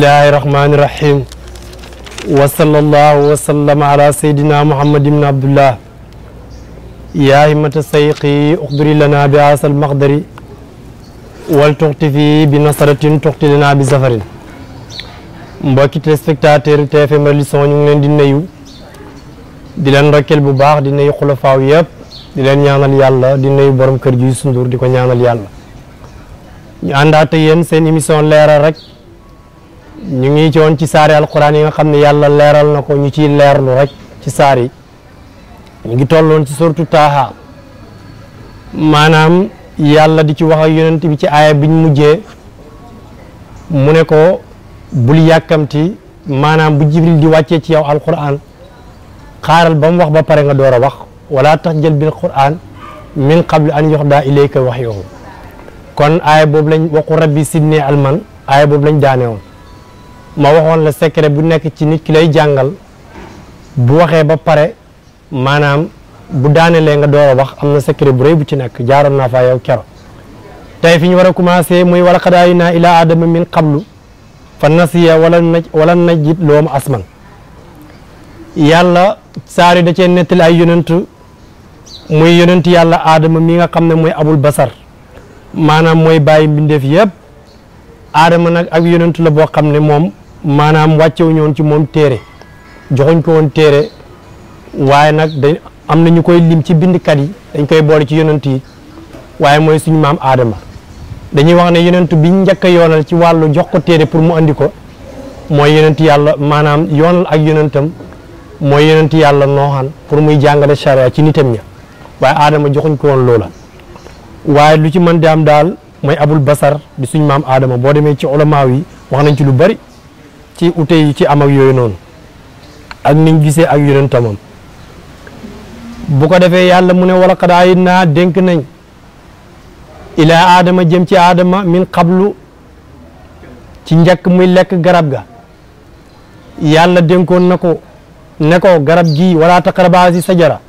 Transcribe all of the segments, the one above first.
bismillahi rahmani rahim wa sallallahu wa sallam ala sayyidina muhammad ibn abdullah ya himmata sayqi uxduri lana bi asal maqdari wal tuxti fi bi nasaratin tuxti lana bi zafarin mbokki téléspectateur TFM religion ñu ngi leen di nuyu di leen ndokkeel bu baax di nuyu xulafaaw yëpp di leen ñaanal yàlla di nuyu borom kër gi Youssou Ndour di ko ñaanal yàlla ñu àndaate yéen seen émission leeral rek ñu ngi ci woon ci saari alquran yi nga xam ne yàlla leeral na ko ñu ciy leerlu rek ci saar yi ñu ngi tolloon ci surtu taaha maanaam yàlla di ci wax ak yonent bi ci aaya biñ mujjee mu ne ko bul yàkkamti maanaam bu jibril di wàccee ci yow alquran xaaral ba mu wax ba pare nga door a wax wala tax jël bil quran min qabli an yuxda ilayka wax yowu kon aaya boobu lañ waqu rabbi sidni alman aaya boobu lañ daane woon ma waxoon la secret bu nekk ci nit ki lay jàngal bu waxee ba pare maanaam bu daanelee nga door a wax am na secret bu rëy bu ci nekk jaaroon na faa yow kero tey fi ñu war a commencé muy wala xadaayi naa ilaa adama min qablu fa nasiya wala naj wala najit loom asman yàlla saari da cee nettali ay yonent muy yonent yàlla aadama mi nga xam ne mooy abul basar maanaam mooy bàyyi mbindeef yëpp aadama nag ak yonent la boo xam ne moom maanaam wàccewu woon ci moom téere joxuñ ko woon téere waaye nag dañ am na ñu koy lim ci bindkat yi dañ koy boole ci yonent yi waaye mooy suñ maam aadama dañuy wax ne yonent bi njëkk a yoonal ci wàllu jox ko téere pour mu andi ko mooy yonent yàlla maanaam yoonal ak yonentam mooy yonent yàlla nooxaan pour muy jàngale charia ci nitam ña waaye aadama joxuñ ko woon loola waaye lu ci mën di am daal mooy abul basar di suñ maam aadama boo demee ci ulamaaw yi wax nañ ci lu bari ci ute yi ci am yooyu noonu ak niñ gisee ak yeneen tamam bu ko defee yàlla mu ne wala xadaayit naa dénk nañ ilaa aadama jëm ci aadama min xablu ci njëkk muy lekk garab ga yàlla dénkoon na ko ne ko garab gi wala taqrabaa si sajara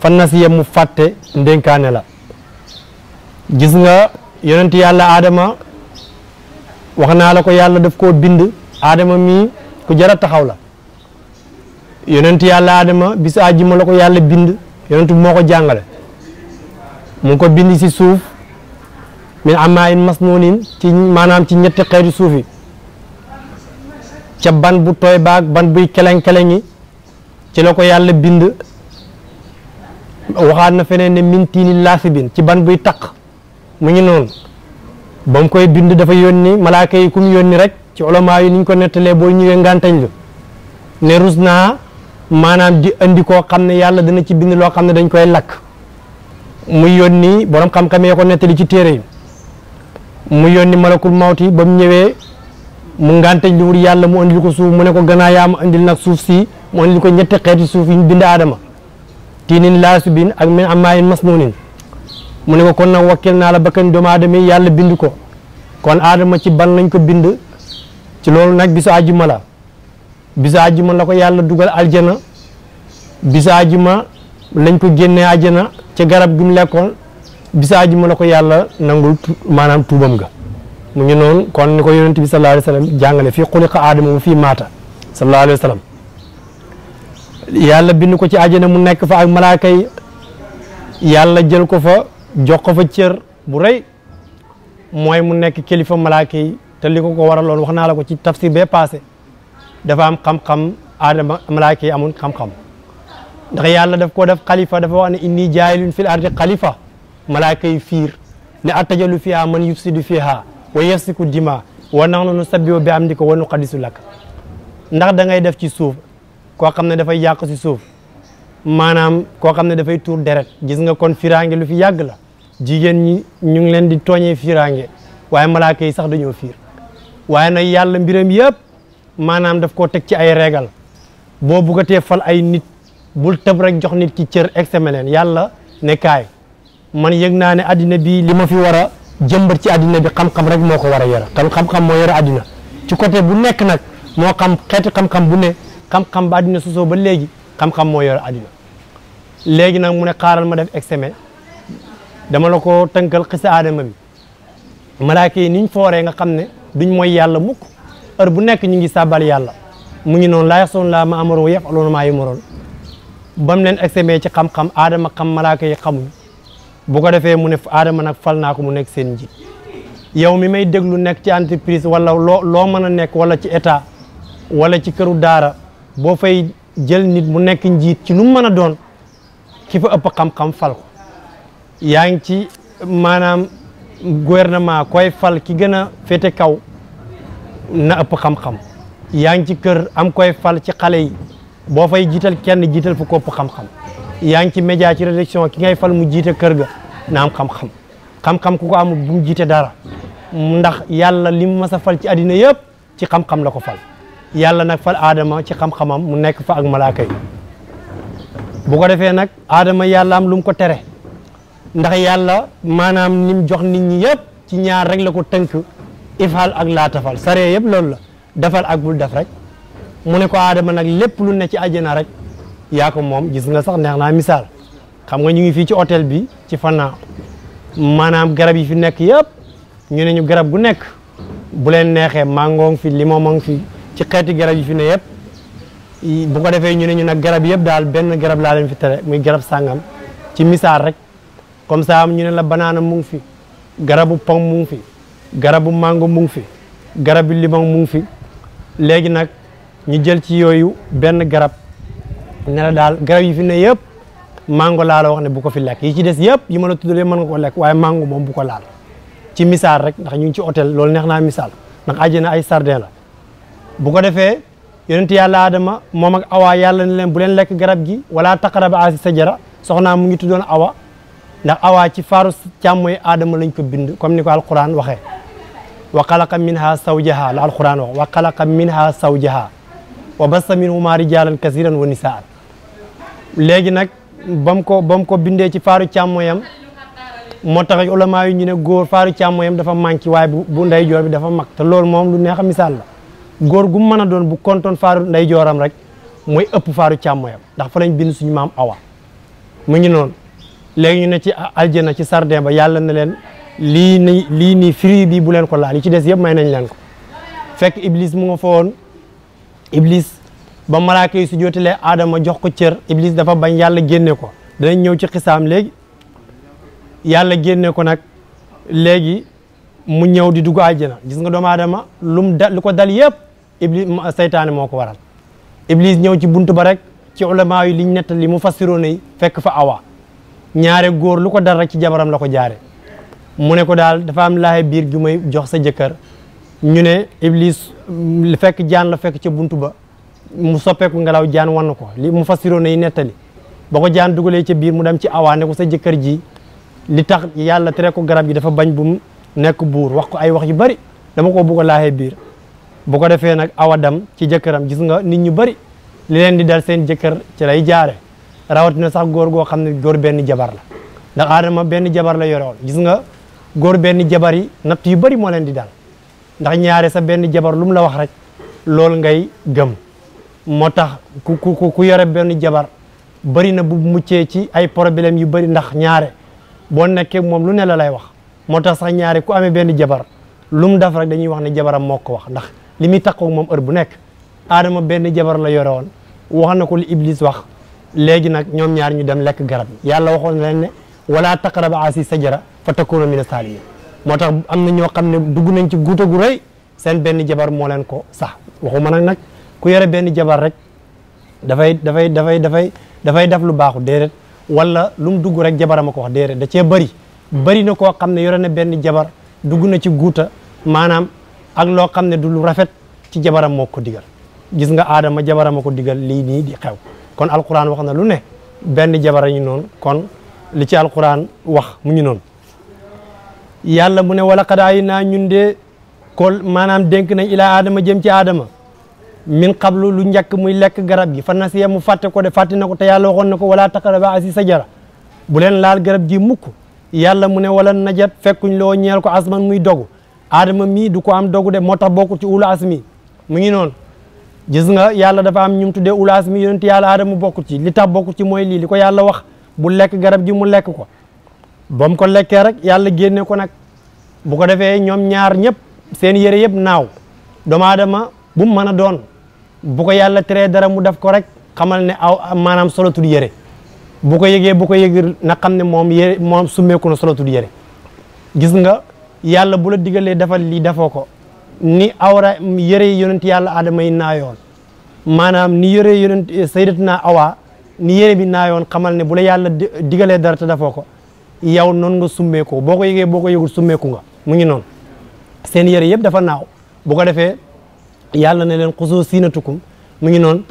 fan na si yem mu fàtte ndénkaane la gis nga yonent yàlla aadama wax naa la ko yàlla def koo bind aadama mii ku jara taxaw la yonent yàlla aadama bis àjjuma la ko yàlla bind yonent bi moo ko jàngale mu ko bind si suuf min amaa in masnuunin ci maanaam ci ñetti xeetu suuf yi ca ban bu tooy baag ban buy keleng-keleng ci la ko yàlla bind waxaat na feneen ne min tiini laasibin ci ban buy taq mu ngi noonu ba koy bind dafa yónni malaaka yi ku mu yónni rek ci ulamaa yi niñ ko nettalee boo ñëwee ngantañ lu ne rus naa maanaam di andi koo xam ne yàlla dana ci bind loo xam ne dañ koy lakk mu yónni borom xam-xam yee ko nettali ci téere yi mu yónni malakul mawti ba mu ñëwee mu ngantañ lu wut yàlla mu andil ko suuf mu ne ko gannaaw yaa ma andil nag suuf si mu andil ko ñetti xeeti suuf yi ñu bind aadama tiinin laasubin ak min amaayin masnuunin mu ne ko kon nag wakkil naa la bakkan doomu aadama yi yàlla bind ko kon ci ban lañ ko bind ci loolu nag bisu àjjuma la bisu àjjuma la ko yàlla dugal aljana bisu àjjuma lañ ko génnee àjjana ci garab gi mu lekkoon bisu àjjuma la ko yàlla nangul maanaam tuubam ga mu ngi noonu kon ni ko yonent bi sallallahu alayhi wa sallam jàngale fii xuliqa aadama wa fii maata sallallahu alayhi yàlla bind ko ci àjjana mu nekk fa ak malaaka yàlla jël ko fa jox fa cër bu rëy mooy mu nekk kilifa malaaka yi te li ko ko waraloon wax naa la ko ci tafsir bee passé dafa am xam-xam aadama malaaka yi amul xam-xam ndax yàlla daf koo def kalifa dafa wax ne inni jaayilun fil ardi xalifa malaaka yi fiir ne attajalu fiha man yufsidu fiha lu yasfiku dima wa nahnu nusabbihu bi amdika wa nuqaddisu lak ndax da ngay def ci suuf koo xam ne dafay yàq si suuf maanaam koo xam ne dafay tuur deret gis nga kon firange lu fi yàgg la jigéen ñi ñu ngi leen di tooñee firange waaye malaaka yi sax dañoo fiir waaye nag yàlla mbiram yëpp maanaam daf koo teg ci ay régal boo buggatee fal ay nit bul tëb rek jox nit ci cër exeme leen yàlla nekkaay kaay man yëg naa ne addina bi li ma fi war a jëmbat ci addina bi xam-xam rek moo ko war a yore kon xam-xam moo yore addina ci côté bu nekk nag moo xam xeeti xam-xam bu ne xam-xam ba addina sosoo ba léegi xam-xam moo yore addina léegi nag mu ne xaaral ma def exeme dama la ko tënkal xisa aadama bi malaaka yi niñ fooree nga xam ne duñ mooy yàlla mukk heure bu nekk ñu ngi sàbbal yàlla mu ngi noonu laa yaxsoon laa ma amaroon yëpp loolu maa yi moroon ba mu leen examee ci xam-xam aadama xam malaaka yi xamuñ bu ko defee mu ne aadama nag fal naa ko mu nekk seen njiit yow mi may déglu nekk ci entreprise wala loo loo mën a nekk wala ci état wala ci këru daara boo fay jël nit mu nekk njiit ci lu mu mën a doon ki fa ëpp xam-xam fal ko yaa ngi ci maanaam gouvernement koy fal ki gën a féete kaw na ëpp xam-xam yaa ngi ci kër am koy fal ci xale yi boo fay jiital kenn jiital fu ko ëpp xam-xam yaa ngi ci média ci rédaction ki ngay fal mu jiite kër ga na am xam-xam xam ku ko amul bu mu jiite dara ndax yàlla li mu mas a fal ci àddina yëpp ci xam-xam la ko fal yàlla nag fal aadama ci xam-xamam mu nekk fa ak malaaka yi bu ko defee nag aadama yàlla am lum ko tere ndax yàlla maanaam nim jox nit ñi yëpp ci ñaar rek la ko tënk ifal ak laa tafal saree yëpp loolu la defal ak bul def rek mu ne ko aadama nag lépp lu ne ci àjjana rek yaa ko moom gis nga sax neex naa misaal xam nga ñu ngi fii ci hôtel bi ci Fana maanaam garab yi fi nekk yëpp ñu ne ñu garab gu nekk bu leen neexee mango fi limon fi ci xeeti garab yi fi ne yëpp bu ko defee ñu ne ñu nag garab yëpp daal benn garab laa leen fi tere muy garab sàngam ci misaal rek comme ça ñu ne la banaana mu fi garabu pom mu fi garabu mango mu ngi fi garabu limon mu fi léegi nag ñu jël ci yooyu benn garab ne daal garab yi fi ne yëpp mango laa la wax ne bu ko fi lekk yi ci des yëpp yi ma la tuddalee mën nga ko lekk waaye mango moom bu ko laal ci misaal rek ndax ñu ngi ci hôtel loolu neex naa misaal ndax àjjana ay sardin la bu ko defee yonent yàlla Adama moom ak Awa yàlla ne leen bu leen lekk garab gi wala taqaraba asi sajara soxnaa mu ngi tuddoon Awa ndax awaa ci faaru càmmooy aadama lañ ko bind comme ni ko alquran waxee wa xalaqa minha zawjaha la alquran wax wa xalaqa minha zawjaha wa bassa minhuma rijalan kasiran wa nisaan léegi nag bam ko bam ko bindee ci faaru yam moo tax ulama yi ñu ne góor faaru càmmooyam dafa manqué waaye bu nday joor bi dafa mag loolu moom lu neex a misaal góor gu mën a doon bu kontoon faaru nday jooram rek mooy ëpp faaru càmmooyam ndax fa lañ bind suñu maam awa mu léegi ñu ne ci aljana ci sarde ba yàlla na leen lii nii lii nii fruit bi bu leen ko laal yi ci des yëpp may nañ leen ko fekk iblis mu nga fa woon ba malaaka yi su jootalee aadama jox ko cër iblis dafa bañ yàlla génne ko danañ ñëw ci xisaam léegi yàlla génne ko nag léegi mu ñëw di dugg àjjana gis nga doomu aadama lum da lu ko dal yëpp iblis saytaane moo ko waral iblis ñëw ci bunt ba rek ci ulama yi liñ nettal li mu fassiroon yi fekk fa awa ñaare góor lu ko dal ci jabaram la ko jaare mu ne ko daal dafa am laaxe biir gi may jox sa jëkkër ñu ne iblis li fekk jaan la fekk ca bunt ba mu soppeeku ngelaw jaan wann ko li mu fassiroo yi nettali boo ko jaan dugalee ca biir mu dem ci awaa ne ko sa jëkkër ji li tax yàlla tere ko garab gi dafa bañ bu mu nekk buur wax ko ay wax yu bari dama ko bugg a laaxee biir bu ko defee nag awa dem ci jëkkëram gis nga nit ñu bari li leen di dal seen jëkkër ci lay jaare rawatina sax góor goo xam ne góor benn jabar la ndax aadama benn jabar la yore woon gis nga góor benn jabar yi natt yu bari moo leen di daal ndax ñaare sa benn jabar lu la wax rek loolu ngay gëm moo tax ku ku ku yore benn jabar bari na bu muccee ci ay problème yu bari ndax ñaare boo nekkee moom lu ne la lay wax moo tax sax ñaare ku amee benn jabar lu mu def rek dañuy wax ne jabaram moo ko wax ndax li muy takkoo moom heure bu nekk aadama benn jabar la yore woon wax na ko li Iblis wax léegi nag ñoom ñaar ñu dem lekk garab yàlla waxoon leen ne wala taqraba asi sajara fa takuna mina saalimi moo tax am na ñoo xam ne dugg nañ ci guuta gu seen benn jabar moo ko sax waxuma nag nag ku yore benn jabar rek dafay dafay dafay dafay dafay def lu baaxu déedéet wala lu mu dugg rek jabaram a ko wax da cee bari bëri na koo xam ne yore na benn jabar dugg na ci guuta maanaam ak loo xam ne du lu rafet ci jabaram moo ko digal gis nga aadama jabaram a ko digal lii nii di xew kon alquran wax na lu ne benn jabar ñu noonu kon li ci alquran wax mu ñu noonu mu ne wala kada naa ñun de kol maanaam dénk nañ ilaa aadama jëm ci aadama min qablu lu njëkk muy lekk garab gi fa nasiya mu fàtte ko de fàtte na ko te yàlla waxoon na ko wala taqraba asi sajara bu leen laal garab gi mukk yàlla mu ne wala najat fekkuñ loo ñeel ko asman muy dogu aadama mii du ko am dogu de moo tax bokkul ci ulu asmi mu ngi gis nga yàlla dafa am ñum tuddee ulaas mi yonent yàlla aadama bokku ci li tax bokku mooy lii li ko yàlla wax bu lekk garab gi mu lekk ko ba ko lekkee rek yàlla génne ko nag bu ko defee ñoom ñaar ñëpp seen yére yëpp naaw doomu aadama bu mu mën a doon bu ko yàlla teree dara mu def ko rek xamal ne aw maanaam solotul yére bu ko yëgee bu ko yëgee na xam ne moom yére moom summeeku na solotul yére gis nga yàlla bu la digalee defal lii defoo ko ni awra yëre yonent yàlla aadama yi naayoon maanaam ni yëre yonent sayyidatina awa ni yëre bi naayoon xamal ne bu la yàlla digalee dara te dafoo ko yow noonu nga summeekoo boo ko yëgee boo ko yëgul summeeku nga mu ni noonu seen yëre yëpp dafa naaw bu ko defee yàlla ne leen xusoo siinatukum mu ngi noonu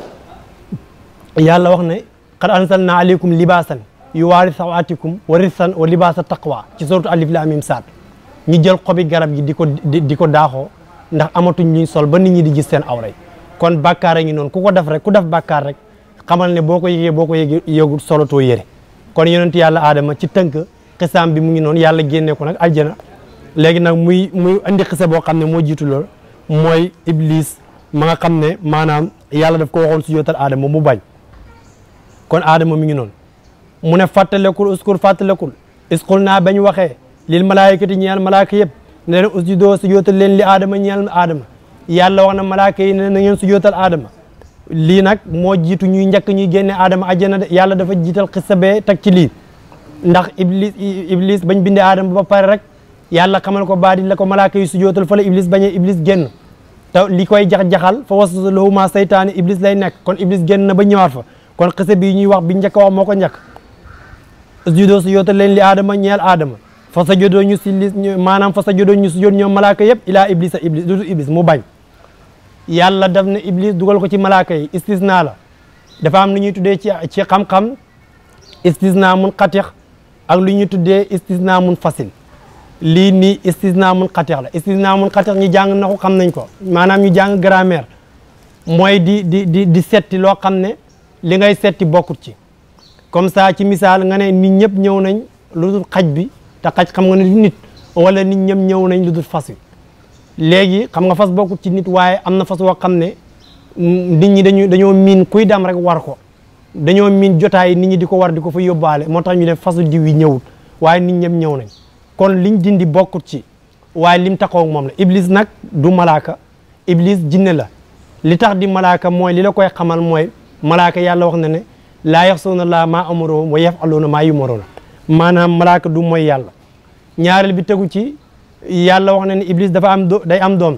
yàlla wax ne qad anzalna yu libaasan yuwaari sawaatikum wa risan wa libaasa taqwa ci sourate alif laam miim saad ñu jël xobi garab gi di ko di ko daaxoo ndax amatuñ ñuy sol ba nit ñi di gis seen awra kon bakkaar a ngi noonu ku ko def rek ku def bàkkaar rek xamal ne boo ko yëgee boo ko yëgee yëgul solatoo yére kon yonent yàlla aadama ci tënk xisaam bi mu ngi noonu yàlla génnee ko nag aljana léegi nag muy muy indi xisa boo xam ne moo jiitu lool mooy iblis ma nga xam ne maanaam yàlla daf ko waxoon su jootal aadama mu bañ kon aadama mi ngi noonu mu ne fàttalekul uskur fàttalekul isqul naa bañ waxee lil malaayikati ñeel malaaka yëpp ne leen usjudoo sujootal leen li aadama ñeel aadama yàlla wax na malaaka yi ne na ngeen sujootal aadama lii nag moo jiitu ñuy njëkk ñuy génne aadama àjjana yàlla dafa jiital xissa bee teg ci lii ndax iblis iblis bañ bindee aadama ba pare rek yàlla xamal ko baadi la ko malaaka yi sujootal fa la iblis bañee iblis génn te li koy jax-jaxal fa waswasa lahu ma saytaani iblis lay nekk kon iblis génn na ba ñëwaat fa kon xissa bi ñuy wax bi njëkk wax moo ko njëkk usjudoo sujootal leen li aadama ñeel aadama fa sa jodoo ñu si li maanaam fa sa jodoo ñu si jot ñoom malaaka yëpp ilaa iblis a iblis dudu iblis mu bañ yàlla daf ne iblis dugal ko ci malaaka yi istisna la dafa am lu ñuy tuddee ci ci xam-xam mun xatix ak lu ñuy tuddee istisna mun fasil lii nii istisna mun xatix la istisna mun xatix ñu jàng na ko xam nañ ko maanaam ñu jàng grammaire mooy di di di di setti loo xam ne li ngay setti bokkut ci comme saa ci misaal nga ne nit ñëpp ñëw nañ lu dul xaj bi te xaj xam nga ne nit wala nit ñëm ñëw nañ lu dul fas yi léegi xam nga fas bokkut ci nit waaye am na fas woo xam ne nit ñi dañu dañoo miin kuy dem rek war ko dañoo miin jotaay nit ñi di ko war di ko fa yóbbaale moo tax ñu ne fasu diw yi ñëwut waaye nit ñëm ñëw nañ kon liñ dindi bokkut ci waaye lim taxaw moom la iblis nag du malaaka iblis jinne la li tax di malaaka mooy li la koy xamal mooy malaaka yàlla wax na ne laa yaxsuuna laa maa amaroo wa yafaluuna maa yumaroona maanaam malaaka du mooy yàlla ñaareel bi tegu ci yàlla wax na ne iblis dafa am day am doom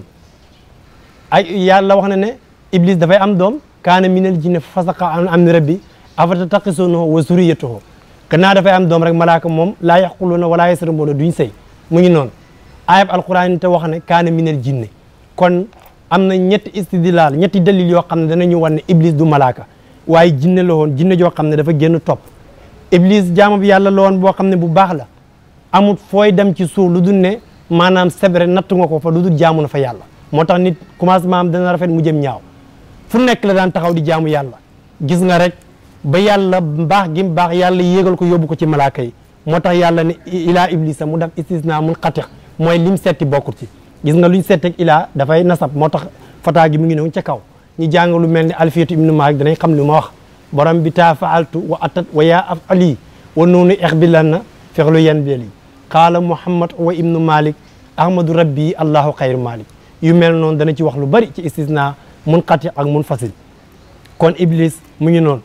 ay yàlla wax na ne iblis dafay am doom kaana minal jinni fasaqa an amri rabbi afatataqisunahu wa zurriyatahu gannaaw dafay am doom rek malaaka moom laa yaquluna wala yasrabuuna duñ sëy mu ngi noonu ayab alquran te wax ne kaana minal jinni kon am na ñetti istidlaal ñetti dalil yoo xam ne danañu wan ne iblis du malaaka waaye jinne la woon jinne joo xam ne dafa génn topp iblis jaamu bi yàlla la woon boo xam ne bu baax la amut fooy dem ci suuf lu dul ne maanaam sebre nattu nga ko fa lu dul jaamu na fa yàlla moo tax nit commencement am dana rafet mu jëm ñaaw fu nekk la daan taxaw di jaamu yàlla gis nga rek ba yàlla baax gi baax yàlla yéegal ko yobu ko ci malaaka yi moo tax yàlla ne ilaa iblisa mu def istisna mun xatix mooy lim setti bokkut ci gis nga luñ setti ila ilaa dafay nasab moo tax fataa gi mu ngi noonu ca kaw ñu jàng lu mel ni alfiyatu ibnu ma wax borom bi taa faaltu wa atat wa yaa af ali wa noonu ex bi lan na fexlu yan bieli qaala muhammad wa ibnu malik ahmadu rabbi allahu xayru malik yu mel noonu dana ci wax lu bari ci istisna mun xati ak mun fasil kon iblis mu ngi noonu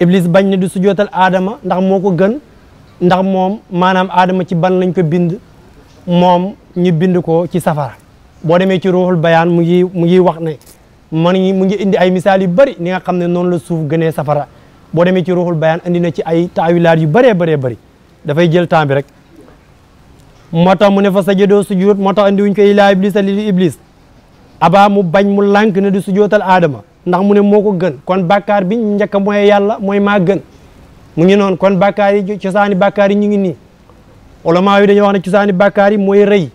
iblis bañ ne du sujootal aadama ndax moo ko gën ndax moom maanaam aadama ci ban lañ ko bind moom ñu bind ko ci safara boo demee ci ruuxul bayaan mu ngi mu ngi wax ne man mu ngi indi ay misaal yu bëri ni nga xam ne noonu la suuf gënee safara boo demee ci ruuxul bayan indi na ci ay taawilaat yu bëree bëree bëri dafay jël temps rek moo tax mu ne fa sajadoo sujud moo tax indi wuñ ko ilaa iblis li iblis aba mu bañ mu lank ne di sujootal aadama ndax mu ne moo ko gën kon bàkkaar bi njëkk mooy yàlla mooy maa gën mu ngi noonu kon bàkkaar yi cosaani bàkkaar yi ñu ngi nii ulamaa yi dañoo wax ne cosaani bàkkaar yi mooy rëy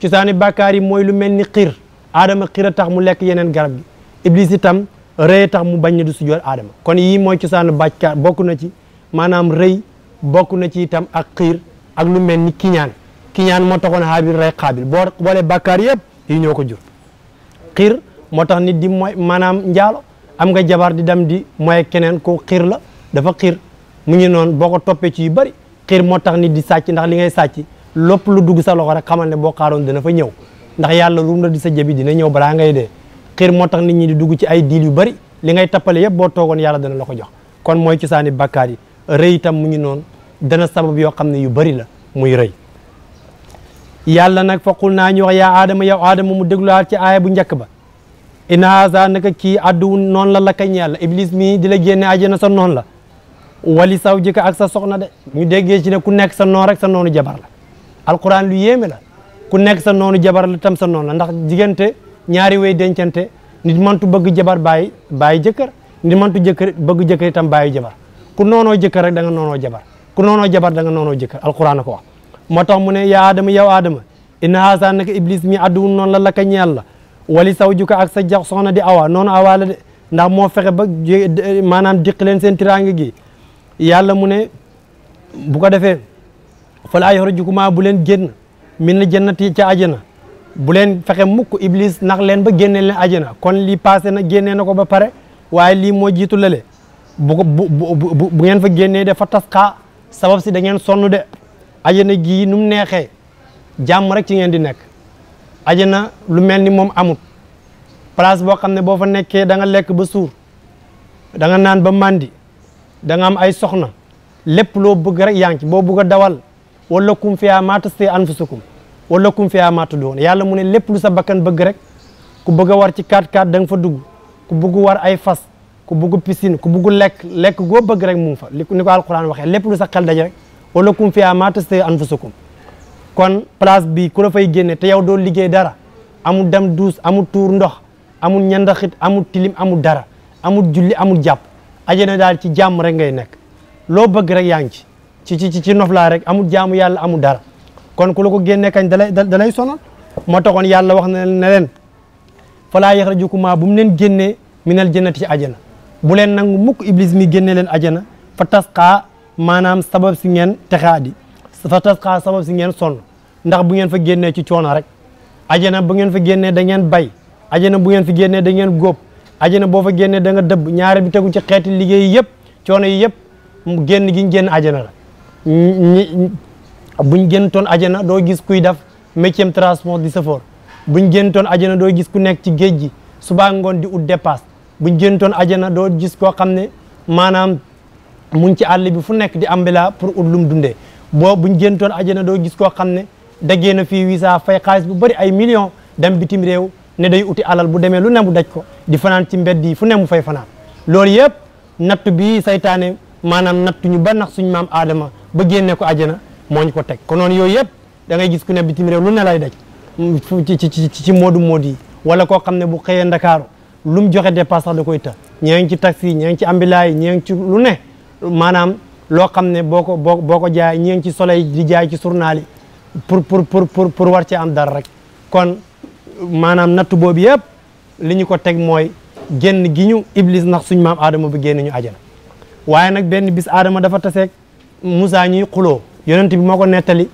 cosaani bàkkaar yi mooy lu mel ni xiir aadama xira tax mu lekk yeneen garab gi iblis itam rëy tax mu bañ na du sujjoot aadama kon yii mooy cosaanu bàckaar bokku na ci maanaam rëy bokk na ci itam ak xiir ak lu mel ni kiñaan kiñaan moo taxoon Haabil rey Xaabil boo boolee bàkkaar yëpp yi ñoo ko jur xiir moo tax nit di mooy maanaam njaalo am nga jabar di dem di moy keneen ko xiir la dafa xiir mu ngi noonu boo ko toppee ci yu bëri xiir moo tax nit di sàcc ndax li ngay sàcc lépp lu dugg sa loxo rek xamal ne boo xaaroon dina fa ñëw ndax yàlla ruum la di sa jabi dina ñëw balaa ngay dee xiir moo tax nit ñi di dugg ci ay diil yu bari li ngay tappale yëpp boo toogoon yàlla dana la ko jox kon mooy cosaani bàkkaar yi rëy itam mu ngi noonu dana sabab yoo xam ne yu bari la muy rey yàlla nag faqul naa ñu wax yaa aadama yow aadama mu dégluwaat ci aaya bu njëkk ba in haza naka kii adduwu noonu la la ka ñeel iblis mii di la génne àjjana sa noon la wali saw jika ak sa soxna de ñu déggee ci ne ku nekk sa noon rek sa noonu jabar ku nekk sa noonu jabar la tam sa noonu la ndax diggante ñaari way dencante nit mantu bëgg jabar bàyyi bàyyi jëkkër nit mantu jëkkër bëgg jëkkër itam bàyyi jabar ku noonoo jëkkër rek da nga jabar ku noonoo jabar danga nga noonoo jëkkër alquran ko moo tax mu ne yaa aadama yow aadama inna haasa naka iblis mi adduwun noonu la laka ñeel la wali saw juka ak sa jax soxna di awa noonu awa la de ndax moo fexe ba maanaam diq leen seen tiraanga gi yàlla mu ne bu ko defee falaa yoxra jukuma bu leen génn min na jannati ca ajana bu leen fexe mukk iblis nax leen ba génne leen ajana kon lii passé na génnee na ko ba pare waaye lii moo jiitu lale bu ko bu bu bu ngeen fa génnee dafa tas xaa sabab si dangeen sonnu sonn de ajana gii nu mu neexee jàmm rek ci ngeen di nekk ajana lu mel ni moom amut place boo xam ne boo fa nekkee da nga lekk ba suur da nga naan ba màndi da am ay soxna lépp loo bëgg rek yaa ngi boo bëgg a dawal wala kum fiyaa maa tasee anfusukum wala kum fiyaa maa tuddoon yàlla mun ne lépp lu sa bakkan bëgg rek ku bëgg war ci 4x4 da nga fa dugg ku bëgg war ay fas ku bëgg piscine ku bëgg lekk lekk goo bëgg rek mu fa li ni ko alquran waxee lépp lu sa xel daje rek wala kum fiyaa maa tasee anfusukum kon place bi ku la fay génne te yow doo liggéey dara amul dem duus amul tuur ndox amul ñandaxit amul tilim amul dara amul julli amul jàpp ajana daal ci jàmm rek ngay nekk loo bëgg rek yaa ngi ci ci ci ci noflaa rek amul jaamu yàlla amul dara kon ku la ko génne kañ dalay dalay sonal moo taxoon yàlla wax na ne leen falaa yaxrajukumaa bu mu leen génnee minal jannati ci ajana bu leen nangu mukk iblis mi génne leen ajana fa tasqaa maanaam sabab si ngeen texaadi fa tasqaa sabab si ngeen sonn ndax bu ngeen fa génnee ci coono rek ajana bu ngeen fa génnee da ngeen bay ajana bu ngeen fi génnee da ngeen góob ajana boo fa génnee da nga dëbb ñaare bi tegu ci xeeti liggéey yëpp coono yi yëpp génn gi ñu génn la ñi buñ géntoon na doo gis kuy def métier transport di safoor buñ géntoon na doo gis ku nekk ci géej gi subaa ngoon di ut bu buñ géntoon ajana doo gis koo xam ne maanaam mu ngi ci àll bi fu nekk di ambila pour ut lum dundee boo buñ géntoon na doo gis koo xam ne daggee na fii visa fay xaalis bu bari ay million dem bitim réew ne day uti alal bu demee lu ne mu daj ko di fanaan ci mbedd yi fu nekk mu fay fanaan lool yëpp natt bi saytaane maanaam nattuñu ba nax suñ maam aadama ba génne ko àjjana moo ñu ko teg ko noon yooyu yëpp da ngay gis ku ne bitim réew lu ne lay daj ci ci ci moodu mood yi wala koo xam ne bu xëyee ndakaaru lu mu joxe dépasse sax da koy të ñee ngi ci taxi ñee ngi ci ambilaay ñee ngi ci lu ne maanaam loo xam ne boo ko boo boo ko jaay ñee ngi ci soleil di jaay ci journal yi pour pour pour pour pour war ci am dara rek kon maanaam nattu boobu yëpp li ñu ko teg mooy génn gi ñu iblis ndax suñ maam aadama bi génn ñu ajana waaye nag benn bis aadama dafa taseeg Moussa ñuy xuloo yonent bi moo ko nettali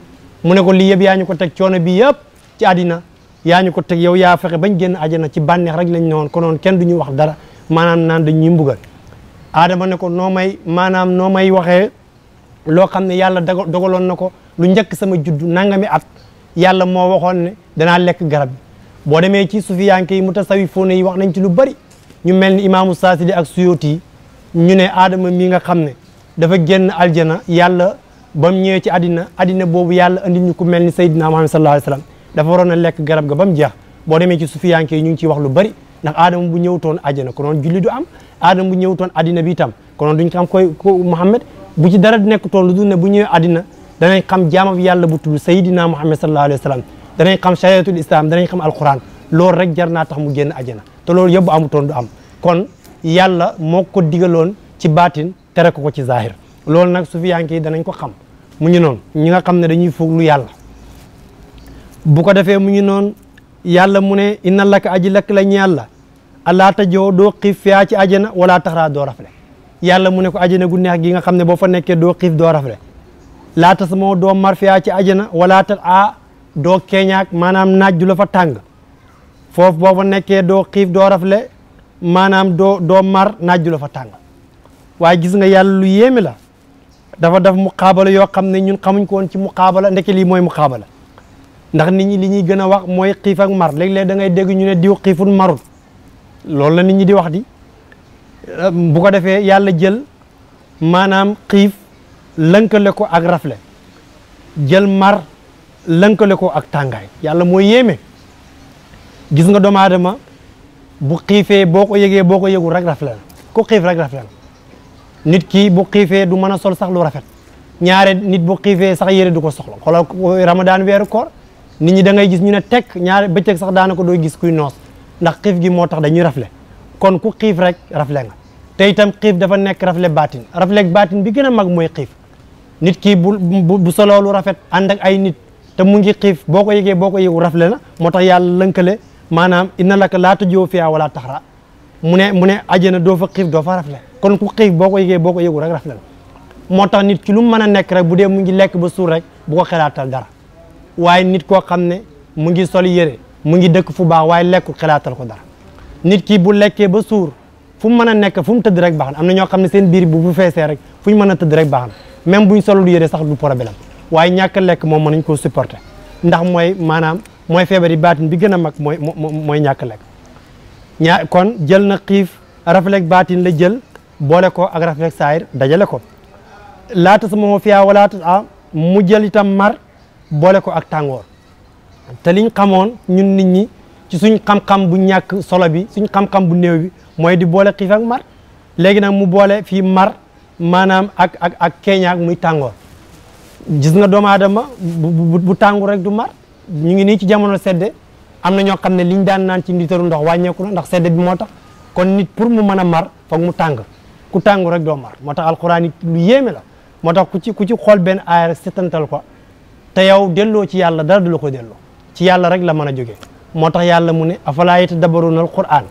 mu ne ko lii yëpp yaa ñu ko teg coono bi yëpp ci àddina yaa ñu ko teg yow yaa fexe bañ génn àjjana ci bànneex rek lañ newoon konoon kenn du ñu wax dara maanaam naan dañ ñuy mbugal aadama ne ko noo may maanaam noo may waxee loo xam ne yàlla dogaloon na ko lu njëkk sama juddu nangami at yàlla moo waxoon ne danaa lekk garab bi boo demee ci sufiyanke yi mu tasawifoone yi wax nañ ci lu bari ñu mel ni imaamu saasili ak suyooti ñu ne aadama mi nga xam ne dafa génn aljana yàlla ba mu ñëwee ci addina addina boobu yàlla andi ñu ku mel ni Seydina Muhammad sallallahu alayhi wasallam dafa waroon a lekk garab ga ba mu jeex boo demee ci sufiyanke yi ñu ngi ciy wax lu bari ndax aadama bu ñëwtoon àjjana konoon julli du am aadama bu toon àddina bi tam konoon duñ xam koy ko Muhammad bu ci dara nekkutoon lu dul ne bu ñëwee àddina danañ xam jaamab yàlla bu tudd Seydina Muhammad sallallahu alayhi wasallam danañ xam chariatul islam danañ xam alquran loolu rek jar naa tax mu génn àjjana te loolu yëpp amutoon du am yàlla moo ko digaloon ci baatin tere ko ko ci zahir loolu nag sufiyanke yi danañ ko xam mu ngi noonu ñi nga xam ne dañuy fuglu yàlla bu ko defee mu ngi noon yàlla mu ne inna laka aji lakk la yàlla alaa tajoo doo xiif fiyaa ci ajana wala taxaraa doo rafle yàlla mu ne ko ajana gu neex gi nga xam ne boo fa nekkee doo xiif doo rafle laa tas moo doo ci ajana wala a doo keeñaak maanaam naaj du tàng maanaam doo doo mar naa la fa tàng waaye gis nga yàlla lu yéeme la dafa def muqaabala yoo xam ne ñun xamuñ ko woon ci muqaabala ndeke lii mooy muqaabala ndax nit ñi li ñuy gën a wax mooy xiif ak mar léeg-léeg da ngay dégg ñu ne diw xiiful marul loolu la nit ñu di wax di bu ko defee yàlla jël maanaam xiif lënkale ko ak rafle jël mar lënkale ko ak tàngaay yàlla mooy yéeme gis nga doomu aadama bu xiifee boo ko yëgee boo ko yëgul rek rafle na ku xiif rek rafetlu nit ki bu xiifee du mën a sol sax lu rafet ñaare nit bu xiifee sax yére du ko soxla xoolal ramadan weeru koor nit ñi da ngay gis ñu ne tekk ñaare bëccëg sax ko doo gis kuy noos ndax xiif gi moo tax dañuy rafle kon ku xiif rek rafle nga te itam xiif dafa nekk rafle baatin rafle baatin bi gën a mag mooy xiif nit ki bu bu soloolu rafet ànd ak ay nit te mu ngi xiif boo ko yëgee boo ko yëgu rafle na moo tax yàlla lënkale maanaam inna laka laa tajuu fiha wala taxra mu ne mu ne àjjana doo fa xiif doo fa rafle kon ku xiif boo ko yëgee boo ko yëgu rek rafle la moo tax nit ci lu mu mën a nekk rek bu dee mu ngi lekk ba suur rek bu ko xelaatal dara waaye nit koo xam ne mu ngi sol yére mu ngi dëkk fu baax waaye lekku xelaatal ko dara nit ki bu lekkee ba suur fu mu mën a nekk fu mu tëdd rek baax na am na ñoo xam ne seen biir bu bu feesee rek fu ñu mën a tëdd rek baax na même buñ solul yére sax du problème waaye ñàkk lekk moom mënuñ ko supporter ndax mooy maanaam mooy feebar yi baatin bi gën a mag mooy mooy ñàkk lekk ñaa kon jël na xiif raflek baatin la jël boole ko ak raflek saayir dajale ko laata sama moo fiyaa walaata ah mu jël itam mar boole ko ak tàngoor te liñ xamoon ñun nit ñi ci suñ xam-xam bu ñàkk solo bi suñ xam-xam bu néew bi mooy di boole xiif ak mar léegi nag mu boole fii mar maanaam ak ak ak muy tàngoor gis nga doomu aadama bu bu tàngoor rek du mar ñu ngi nii ci jamono sedd am na ñoo xam ne liñ daan naan ci liitaru ndox wàññeeku na ndax sedd bi moo tax kon nit pour mu mën a mar foog mu tàng ku tàngu rek doo mar moo tax alxuraan yi lu yéeme la moo tax ku ci ku ci xool benn aaya setantal ko te yow delloo ci yàlla dara du la ko delloo ci yàlla rek la mën a jógee moo tax yàlla mu ne afalaa yatadabbaruuna alquran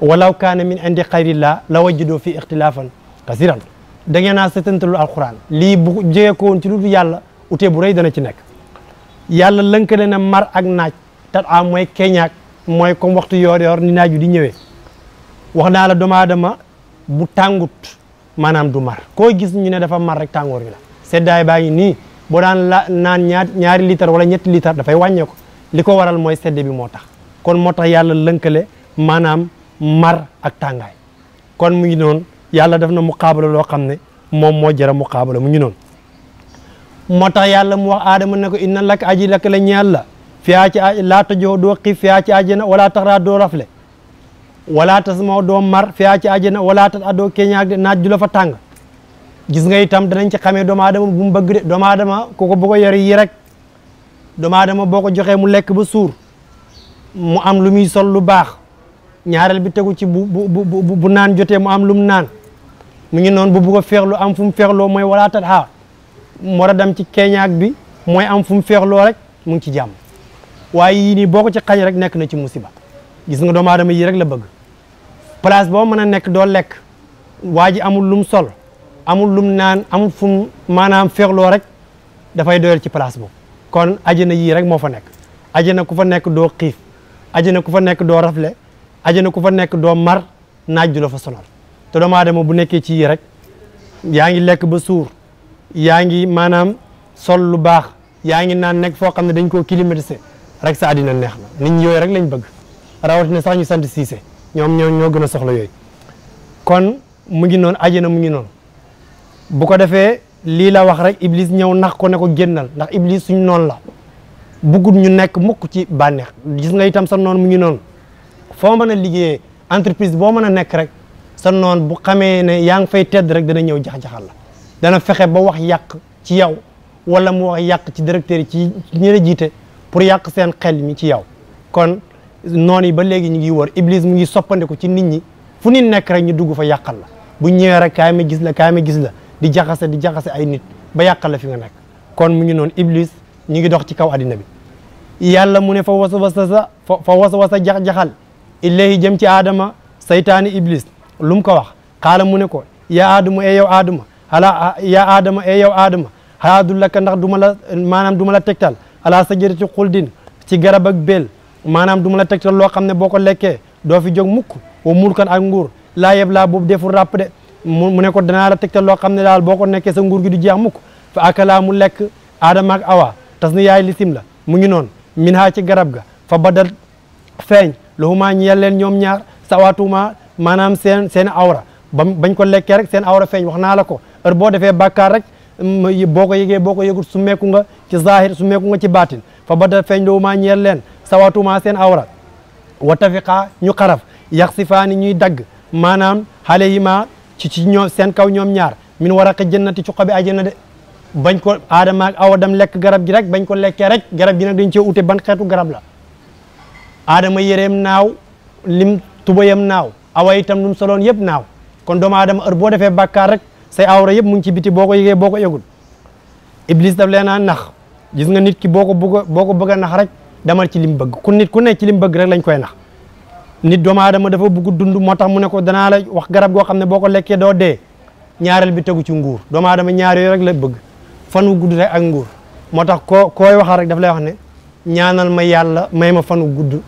walaw kaana min indi xayrillah la wajjudoo fi ixtilaafan kasiran da ngeen naa setantalul alquran lii bu jógee ko woon ci lu dul yàlla utee bu rëy dana ci nekk yàlla lënkale na mar ak naaj tat a mooy keñaak mooy comme waxtu yoor-yoor ni naaj wi di ñëwee wax naa la doomu aadama bu tàngut maanaam du mar koo gis ñu ne dafa mar rek tàngoor bi la seddaay baa ngi nii boo daan la naan ñaar ñaari litre wala ñetti litre dafay wàññee ko li ko waral mooy sedd bi moo tax kon moo tax yàlla lënkale maanaam mar ak tàngaay kon mu ngi noonu yàlla def na mu muqaabala loo xam ne moom moo mu muqaabala mu ñu noonu moo tax yàlla mu wax aadama ne ko inna lakk aji lak la ñeel la fiyaa a laa tajoo doo xiif fiyaa ci àjjana wala taxraa doo rafle wala tas moo doo mar fiyaa ci àjjana wala tas adoo keñaag de naaj du la fa tàng gis nga itam danañ ci xamee doomu aadama bu mu bëgg de doomu aadama kooku bu ko yore yi rek doomu aadama boo ko joxee mu lekk ba suur mu am lu muy sol lu baax ñaareel bi tegu ci bu bu bu naan jotee mu am lu mu naan mu ngi noonu bu bu am fu mu feexloo mooy wala war a dem ci keeñaak bi mooy am fu mu feexloo rek mu ngi ci jàmm waaye yii nii boo ko ci xañ rek nekk na ci musiba gis nga doomu aadama yii rek la bëgg place boo mën a nekk doo lekk waa ji amul lum sol amul lum naan amul fu mu maanaam feexloo rek dafay doyal ci place boobu kon ajana yii rek moo fa nekk ajana ku fa nekk doo xiif ajana ku fa nekk doo rafle ajana ku fa nekk doo mar naaj du la fa sonal te doomu aadama bu nekkee ci yii rek yaa ngi lekk ba suur yaa ngi maanaam sol lu baax yaa ngi naan nekk foo xam ne dañ koo climatisé rek sa addina neex na nit ñi yooyu rek lañ bëgg rawatina sax ñu sant siise ñoom ñoo ñoo gën a soxla yooyu kon mu ngi noonu ajjana mu ngi noonu bu ko defee lii la wax rek iblis ñëw nax ko ne ko génnal ndax iblis suñ noonu la buggut ñu nekk mukk ci bànneex gis nga itam sa noonu mu ngi noonu foo mën a liggéeyee entreprise boo mën a nekk rek sa noon bu xamee ne yaa ngi fay tedd rek dana ñëw jax-jaxal la dana fexe ba wax yàq ci yow wala mu wax yàq ci directeur yi ci ñi jiite pour yàq seen xel mi ci yow kon noon yi ba léegi ñu ngi wër Iblis mu ngi soppandiku ci nit ñi fu nit nekk rek ñu dugg fa yàqal la bu ñëwee rek kaay ma gis la kaay ma gis la di jaxase di jaxase ay nit ba yàqal la fi nga nekk kon mu ngi noonu Iblis ñu ngi dox ci kaw addina bi yàlla mu ne fa wasa wasa sa fa wasa wasa jax-jaxal illahi jëm ci aadama saytaani Iblis lu mu ko wax xaala mu ne ko yaa aadama e yow aadama ala ya adama e yow adama xalaa dullaka ndax du duma la maanaam du ma la tegtal ala sajarati xuldin ci garab ak bel maanaam duma la tegtal loo xam ne boo ko lekkee doo fi jóg mukk wa mulkan ak nguur laa yeb laa boobu deful ràpp de mu ne ko danaa la tegtal loo xam ne daal boo ko nekkee sa nguur gi du jeex mukk fa akalaa mu lekk aadama ak awa tas na yaay lisim la mu ngi noonu min haa ci garab ga fa badal feeñ lahuma ñeel leen ñoom ñaar sawaatuma maanaam seen seen awra ba bañ ko lekkee rek seen awra feeñ wax naa la ko heure boo defee bàkkaar rek mm, boo ko yëgee boo ko yëgut su nga ci zahir su nga ci baatin fa ba da feeñ lowumaa ñeel leen sawatu sawatumaa seen awra wa tafiqaa ñu xaraf yax sifaani ñuy dagg maanaam xale yi ma ci ci ñoom seen kaw ñoom ñaar min waraqi jannati ci xobi àjjana de bañ ko aadama ak awa dem lekk garab gi rek bañ ko lekkee rek garab gi nag dañ cee ute ban xeetu garab la aadama yëreem naaw lim tubayam naaw awa itam lu mu soloon yëpp naaw kon doomu aadama heure boo defee bàkkaar rek say awra yëpp mu ngi ci biti boo ko yëgee boo ko yëgul iblis daf leen a nax gis nga nit ki boo ko bëgg boo ko bëgg a nax rek demal ci lim bëgg ku nit ku ne ci lim bëgg rek lañ koy nax nit doomu aadama dafa bëgg dund moo tax mu ne ko danaa la wax garab goo xam ne boo ko lekkee doo dee ñaareel bi tegu ci nguur doomu aadama ñaar yooyu rek la bëgg fan wu gudd rek ak nguur moo tax koo kooy waxal rek daf lay wax ne ñaanal ma yàlla may ma fan wu gudd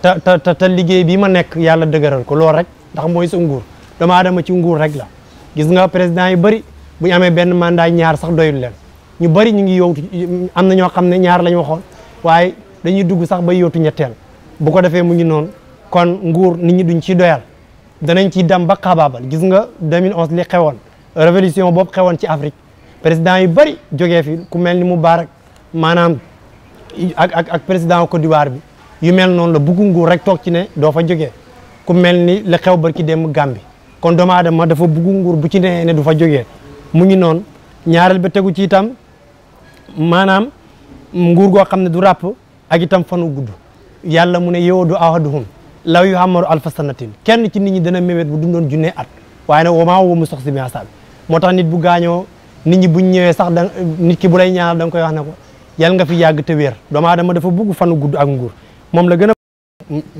te te liggéey bii ma nekk yàlla dëgëral ko lool rek ndax mooy sa nguur doomu aadama ci nguur rek la gis nga président yi bëri bu ñu amee benn mandat ñaar sax doyul leen ñu bari ñu ngi yowtu am na ñoo xam ne ñaar lañ waxoon waaye dañuy dugg sax ba yowtu ñetteel bu ko defee mu ngi noonu kon nguur nit ñi duñ ci doyal danañ ci dem ba xabaabal gis nga 2011 li xewoon révolution boobu xewoon ci Afrique président yi bëri jógee fi ku mel ni Moubarak maanaam ak ak ak président Côte bi yu mel noonu la bugg nguur rek toog ci ne doo fa jógee ku mel ni la xew barki dem Gambie kon doomu aadama dafa bugg nguur bu ci nee ne du fa jogee mu ngi noon ñaareel ba tegu ci itam maanaam nguur goo xam ne du rapp ak itam fanu gudd yàlla mu ne yow du ahaduhum law yu amaru alfa sanatin kenn ci nit ñi dana mébét bu dundoon junne at waaye nag wama wo mu sox si biasabi moo tax nit bu gaañoo nit ñi buñ ñëwee sax da nit ki bu lay ñaanal da koy wax ne ko yàlla nga fi yàgg te wéer doomu aadama dafa bugg fanu gudd ak nguur moom la gën a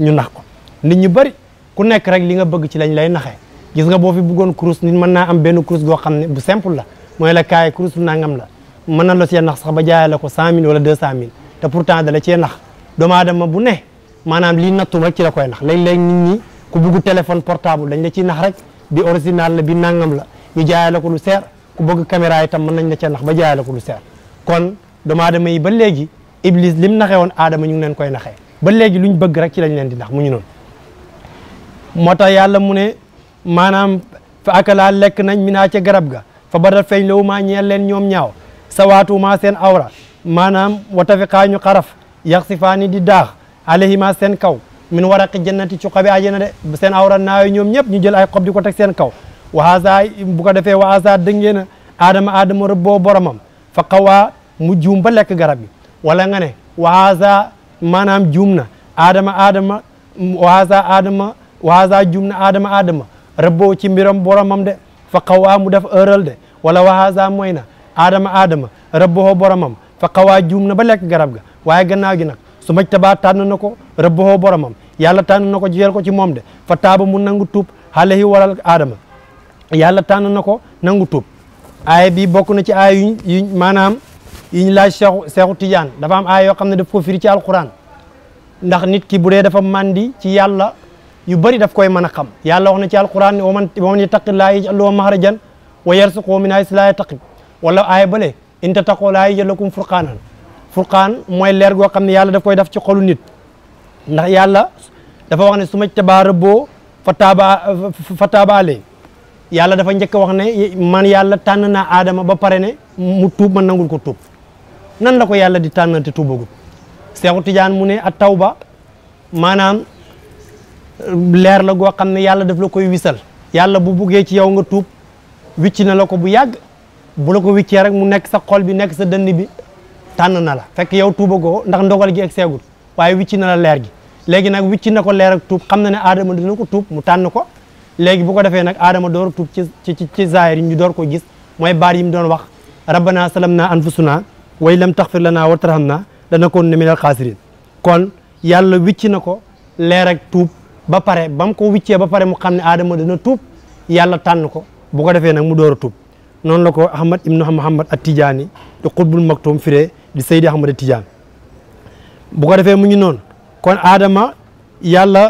ñu nax ko nit ñu bari ku nekk rek li nga bëgg ci lañ lay naxee gis nga boo fi bëggoon kurus am benn kurus goo xam ne bu simple la mooy la kaay kurus nangam la mën na la cee sax ba jaay ko cent mille wala deux cent mille te pourtant da la cee doomu aadama bu ne maanaam lii nattum rek ci la koy nax léeg-léeg ku bëgg téléphone portable dañ la ciy nax rek bi original la bi nangam la ñu jaay ko lu seer ku bëgg caméra itam mën nañ la cee nax ba jaay ko lu seer kon doomu aadama yi ba léegi iblis lim naxee woon aadama ñu ngi leen koy naxee ba léegi luñ bëgg rek ci lañ leen di nax mu ñu noonu maanaam fa akalaa lekk nañ minaa ca garab ga fa badal feeñ lawu maa ñeel leen ñoom ñaaw sawaatumaa seen awra maanaam watafiqaa ñu xaraf yax sifaani di daax alayhima seen kaw min waraqi jannati ci xobi ajana de seen awra naayo ñoom ñëpp ñu jël ay xob di ko teg seen kaw waasa bu ko defee waasa dégg ngeen aadama aadama rëbboo boromam fa xawaa mu juum ba lekk garab bi wala nga ne waasa maanaam juum na aadama aadama waasa aadama waasa juum na aadama aadama rabboo ci mbiram boromam de fa xawaa mu def ëral de wala waxaasa mooy na aadama aadama rabboo boromam fa xawaa juum na ba lekk garab ga waaye gannaaw gi nag su maj tabaa tànn na ko rabboo boromam yàlla tànn na ko jiyal ko ci moom de fa taaba mu nangu tuub alayhi waral aadama yàlla tànn na ko nangu tuub aaya bi bokk na ci aaya yuñ yuñ maanaam yiñ laaj seexu seexu tijaan dafa am yoo xam ne daf ko firi ci alquran ndax ki dee dafa mandi ci yàlla yu bëri daf koy mën a xam yàlla wax na ci alquran ne waman waman yattaqillaa yaj'al lahu mahrajan wa yarzuqhu min haysu laa yahtasib wala aaya bale in tattaqoo laa yaj'al lakum furqaanan furqaan mooy leer goo xam ne yàlla daf koy def ci xolu nit ndax yàlla dafa wax ne su ma tabaa rëbboo fa taaba fa taaba yàlla dafa njëkk wax ne man yàlla tànn naa aadama ba pare ne mu tuub man nangul ko tuub nan la ko yàlla di tànnante tuubagul Seexu Tijaan mu ne a tawba maanaam leer la goo xam ne yàlla daf la koy wisal yàlla bu buggee ci yow nga tuub wicc na la ko bu yàgg bu la ko wiccee rek mu nekk sa xol bi nekk sa dënn bi tànn na la fekk yow goo ndax ndogal gi ak seegul waaye wicc na leer gi léegi nag wicc na ko leer ak tuub xam na ne aadama dina ko tuub mu tànn ko léegi bu ko defee nag aadama door tuub ci ci ci zaahir yi ñu door ko gis mooy baar yi mu doon wax rabbana salamna anfusuna way lam taxfir lana wa tarhamna dana koon ne minal xaasirin kon yàlla wicc na ko leer ak tuub ba pare ba mu ko wiccee ba pare mu xam ne aadama na tuub yàlla tànn ko bu ko defee nag mu door tuub noonu la ko ahmad ibnu muhammad at tijaani di xutbul maktum firee di seydi ahmad at tijaani bu ko defee mu ngi noonu kon aadama yàlla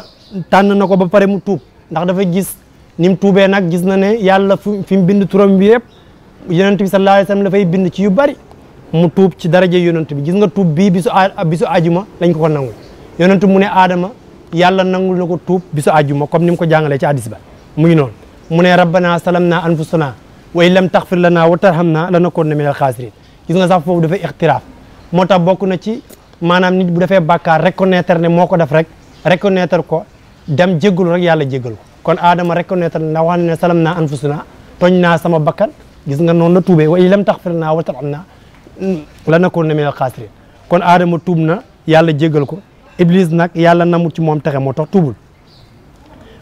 tànn na ko ba pare mu tuub ndax dafa gis ni mu tuubee nag gis na ne yàlla fi mu bind turam bi yëpp yonent bi sallallahu alayhi wasallam dafay bind ci yu bari mu tuub ci daraja yonent bi gis nga tuub bii bisu bisu ajuma lañ ko ko nangu yàlla nangul na ko tuub bisu àjjuma comme ni mu ko jàngalee ci hadis ba mu ngi noonu mu ne rabbana salamna anfusana wa in lam taxfir lana wa tarhamna lanakunna minal xaasirin gis nga sax foofu dafay ixtiraaf moo tax bokk na ci maanaam nit bu defee bàkkaar reconnaître ne moo ko def rek reconnaître ko dem jéggalu rek yàlla jéggal ko kon aadama reconnaître na ne salam naa anfusuna tooñ naa sama bakkan gis nga noonu la tuubee wa in lam taxfir lana wa tarhamna lanakunna minal xaasirin kon aadama tuub na yàlla jéggal ko Iblis nag yàlla namul ci moom texe moo tax tuubul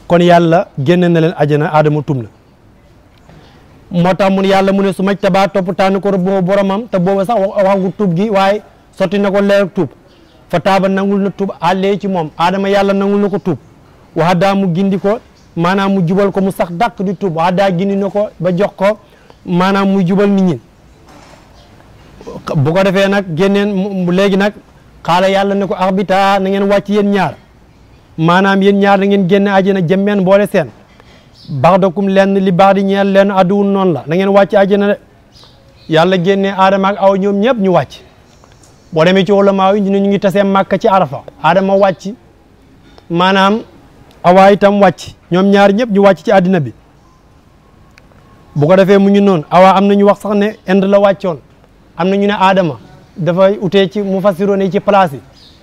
kon yàlla génne na leen ajana aadama tuub na moo tax mun yàlla mu ne su maj tabaa topp taani ko rëbb boromam te booba sax waxagu tuub gi waaye sotti na ko leer tuub fa taaba nangul na tuub àllee ci moom aadama yàlla nangul na ko tuub waxa daa mu gindi ko maanaam mu jubal ko mu sax dàq di tuub waxa daa gindi na ko ba jox ko maanaam mu jubal nit ñi bu ko nag génneen léegi nag xaala yàlla ne ko arbita na ngeen wàcc yéen ñaar maanaam yéen ñaar na ngeen génne àjjana jëmmeen boole seen baxdakum lenn li baax di ñeel lenn adduwun noonu la na ngeen wàcc àjjana de yàlla génne aadama ak aw ñoom ñëpp ñu wàcc boo demee ci ulamaa yi ñu ngi tasee màkka ci arafa aadama wàcc maanaam awaa itam wàcc ñoom ñaar ñëpp ñu wàcc ci àddina bi bu ko defee mu ngi noonu am na ñu wax sax ne ind la am na ñu ne aadama dafay utee ci mu fassiroon yi ci place yi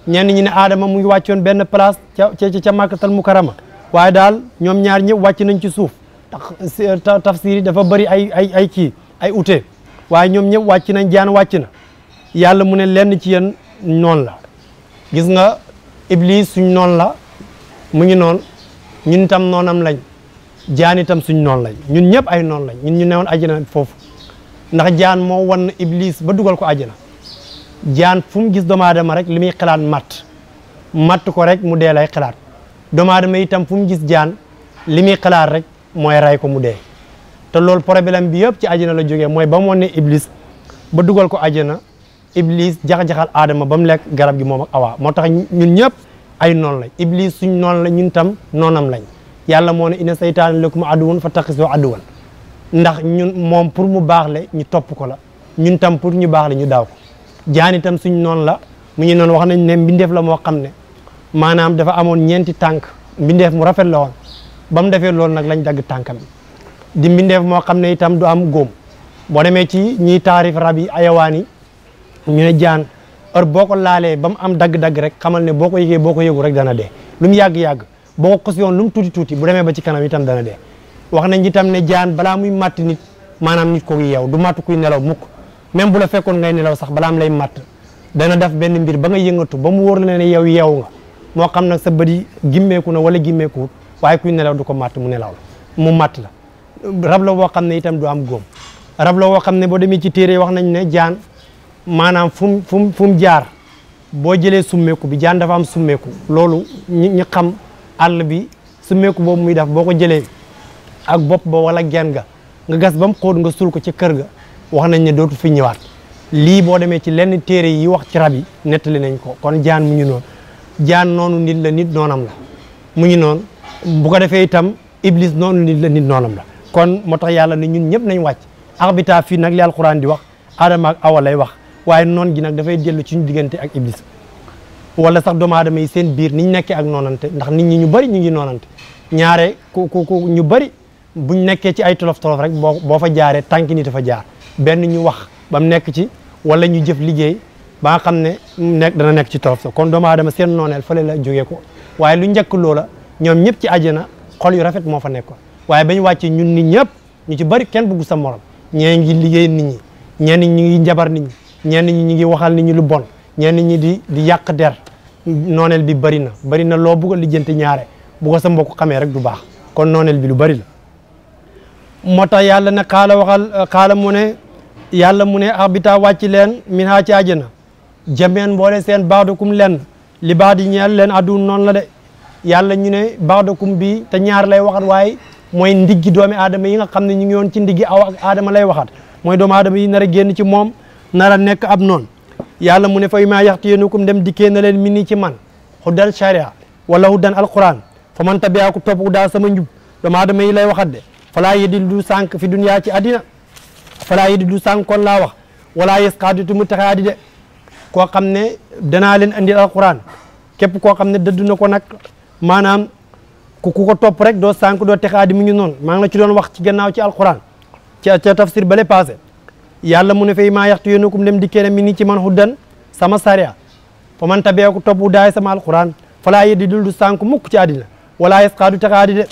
ñenn ñi ne aadama mu ngi wàccoon benn place ca ca ca màkkatal mukarama waaye daal ñoom ñaar ñëpp wàcc nañ ci suuf tax tafsir yi dafa bëri ay ay ay ay utee waaye ñoom ñëpp wàcc nañ jaan wàcc na yàlla mu ne lenn ci yéen noonu la gis nga iblis suñ noon la mu ngi noonu ñun tam noonam lañ jaan itam suñ noonu lañ ñun ñëpp ay noonu lañ ñun ñu newoon àjjana foofu ndax jaan moo wan iblis ba dugal ko àjjana jaan fu mu gis doomu aadama rek li muy xalaat matt matt ko rek mu dee lay xalaat doomu aadama itam fu mu gis jaan li muy xalaat rek mooy ray ko mu dee te loolu problème bi yëpp ci àjjana la jógee mooy ba mu ne iblis ba dugal ko àjjana iblis jax-jaxal aadama ba mu lekk garab gi moom ak awa moo tax ñun ñëpp ay noonu lañ iblis suñ noonu la ñun tam noonam lañ yàlla moo ne inna saytaana lakum aduwwan fattaxisuhu aduwwan ndax ñun moom pour mu baax le ñu topp ko la ñun tam pour ñu baax le ñu daaw ko jaan itam suñ noonu la mu ngi noon wax nañ ne mbindeef la moo xam ne maanaam dafa amoon ñeenti tànk mbindeef mu rafet la woon ba mu defee loolu nag lañ dagg tànkam di mbindeef moo xam ne itam doo am góom boo demee ci ñiy taarif rab yi ayawaan yi ñu ne jaan boo ko laalee ba mu am dagg-dagg rek kamal ne boo ko yëgee boo ko yëgu rek dana dee lu mu yàgg-yàgg boo ko xos yoon lu mu tuuti tuuti bu demee ba ci kanam itam dana dee wax nañ itam ne jaan balaa muy màtt nit maanaam nit ko yeew du màtt kuy nelaw mukk même bu la fekkoon ngay nelaw sax balaa am lay matt dana def benn mbir ba nga yëngatu ba mu wóor la ne yow yeewu nga moo xam nag sa bët yi gimmeeku na wala gimmeekuwut waaye kuy nelaw du ko matt mu nelaw la mu matt la rab la boo xam ne itam du am góom rab la boo xam ne boo demee ci téere wax nañ ne jaan maanaam fu mu fu mu jaar boo jëlee summeeku bi jaan dafa am summeeku loolu ñi xam àll bi summeeku boobu muy def boo ko jëlee ak bopp ba wala genn ga nga gas ba mu xóot nga suul ko ci kër ga wax nañ ne dootu fi ñëwaat lii boo demee ci lenn téere yi wax ci rab yi nettali nañ ko kon jaan mu ngi noonu jaan noonu nit la nit noonam la mu ngi noon bu ko defee itam iblis noonu nit la nit noonam la kon moo tax yàlla ne ñun ñëpp nañ wàcc arbita fii nag li alquran di wax aadama ak awa wax waaye noon gi nag dafay dellu ci ñu diggante ak iblis wala sax doomu aadama yi seen biir niñ nekkee ak noonante ndax nit ñi ñu bëri ñu ngi noonante ñaare ku ku ku ñu nekkee ci ay tolof rek boo boo fa jaaree tànk ni dafa jaar benn ñu wax ba mu nekk ci wala ñu jëf liggéey ba nga xam ne nekk dana nekk ci torof sa kon doomu aadama seen nooneel fële la jógee ko waaye lu njëkk loola ñoom ñëpp ci na xol yu rafet moo fa nekkoon waaye bañ wàccee ñun nit ñëpp ñu ci bari kenn bëggu sa morom ñee ngi liggéey nit ñi ñenn ñi ñu ngi njabar nit ñi ñenn ñi ñu ngi waxal nit ñi lu bon ñenn ñi di di yàq der nooneel bi bari na bari na loo bugg a lijjanti ñaare bu ko sa mbokk xamee rek du baax kon nooneel bi lu bari la moo tax yàlla ne xaala waxal eh, kaala mu ne yàlla mu ne arbita wàcci leen min haa ci àjjana jameen boole seen baadukum lenn li baadi ñeel leen addun noonu la yàlla ñu ne baadukum bi te ñaar lay waxat waaye mooy ndiggi doomi adama yi nga xam ne ñu ngi woon ci ndiggi aw ak lay waxat mooy doomu aadama yi nar a génn ci moom nar a nekk ab noonu yàlla mu ne fa imaa yaxti yéenukum dem dikkee na leen min ni ci man hudan sharia wala hudan alquran fa man tabiyaaku topp daa sama njub doomu aadama lay waxat de falaa yedil du sànq fi duniyaa ci addina falaa yedil du sànq kon laa wax walaa yes yasqaa du mu taxaa di de koo xam ne danaa leen andil alquran képp koo xam ne dëdd na ko nag maanaam ku ku topp rek doo sank doo texaa di mu ngi noonu maa ngi la ci doon wax ci gannaaw ci alquran ci ca tafsir bale passé yàlla mu fay maa yaxtu yéenakum dem di ne mi ni ci man huddan sama sariya fa man tabeeku topp wu daay sama alquran falaa yedil du sànq mukk ci addina walaa yasqaa du taxaa di de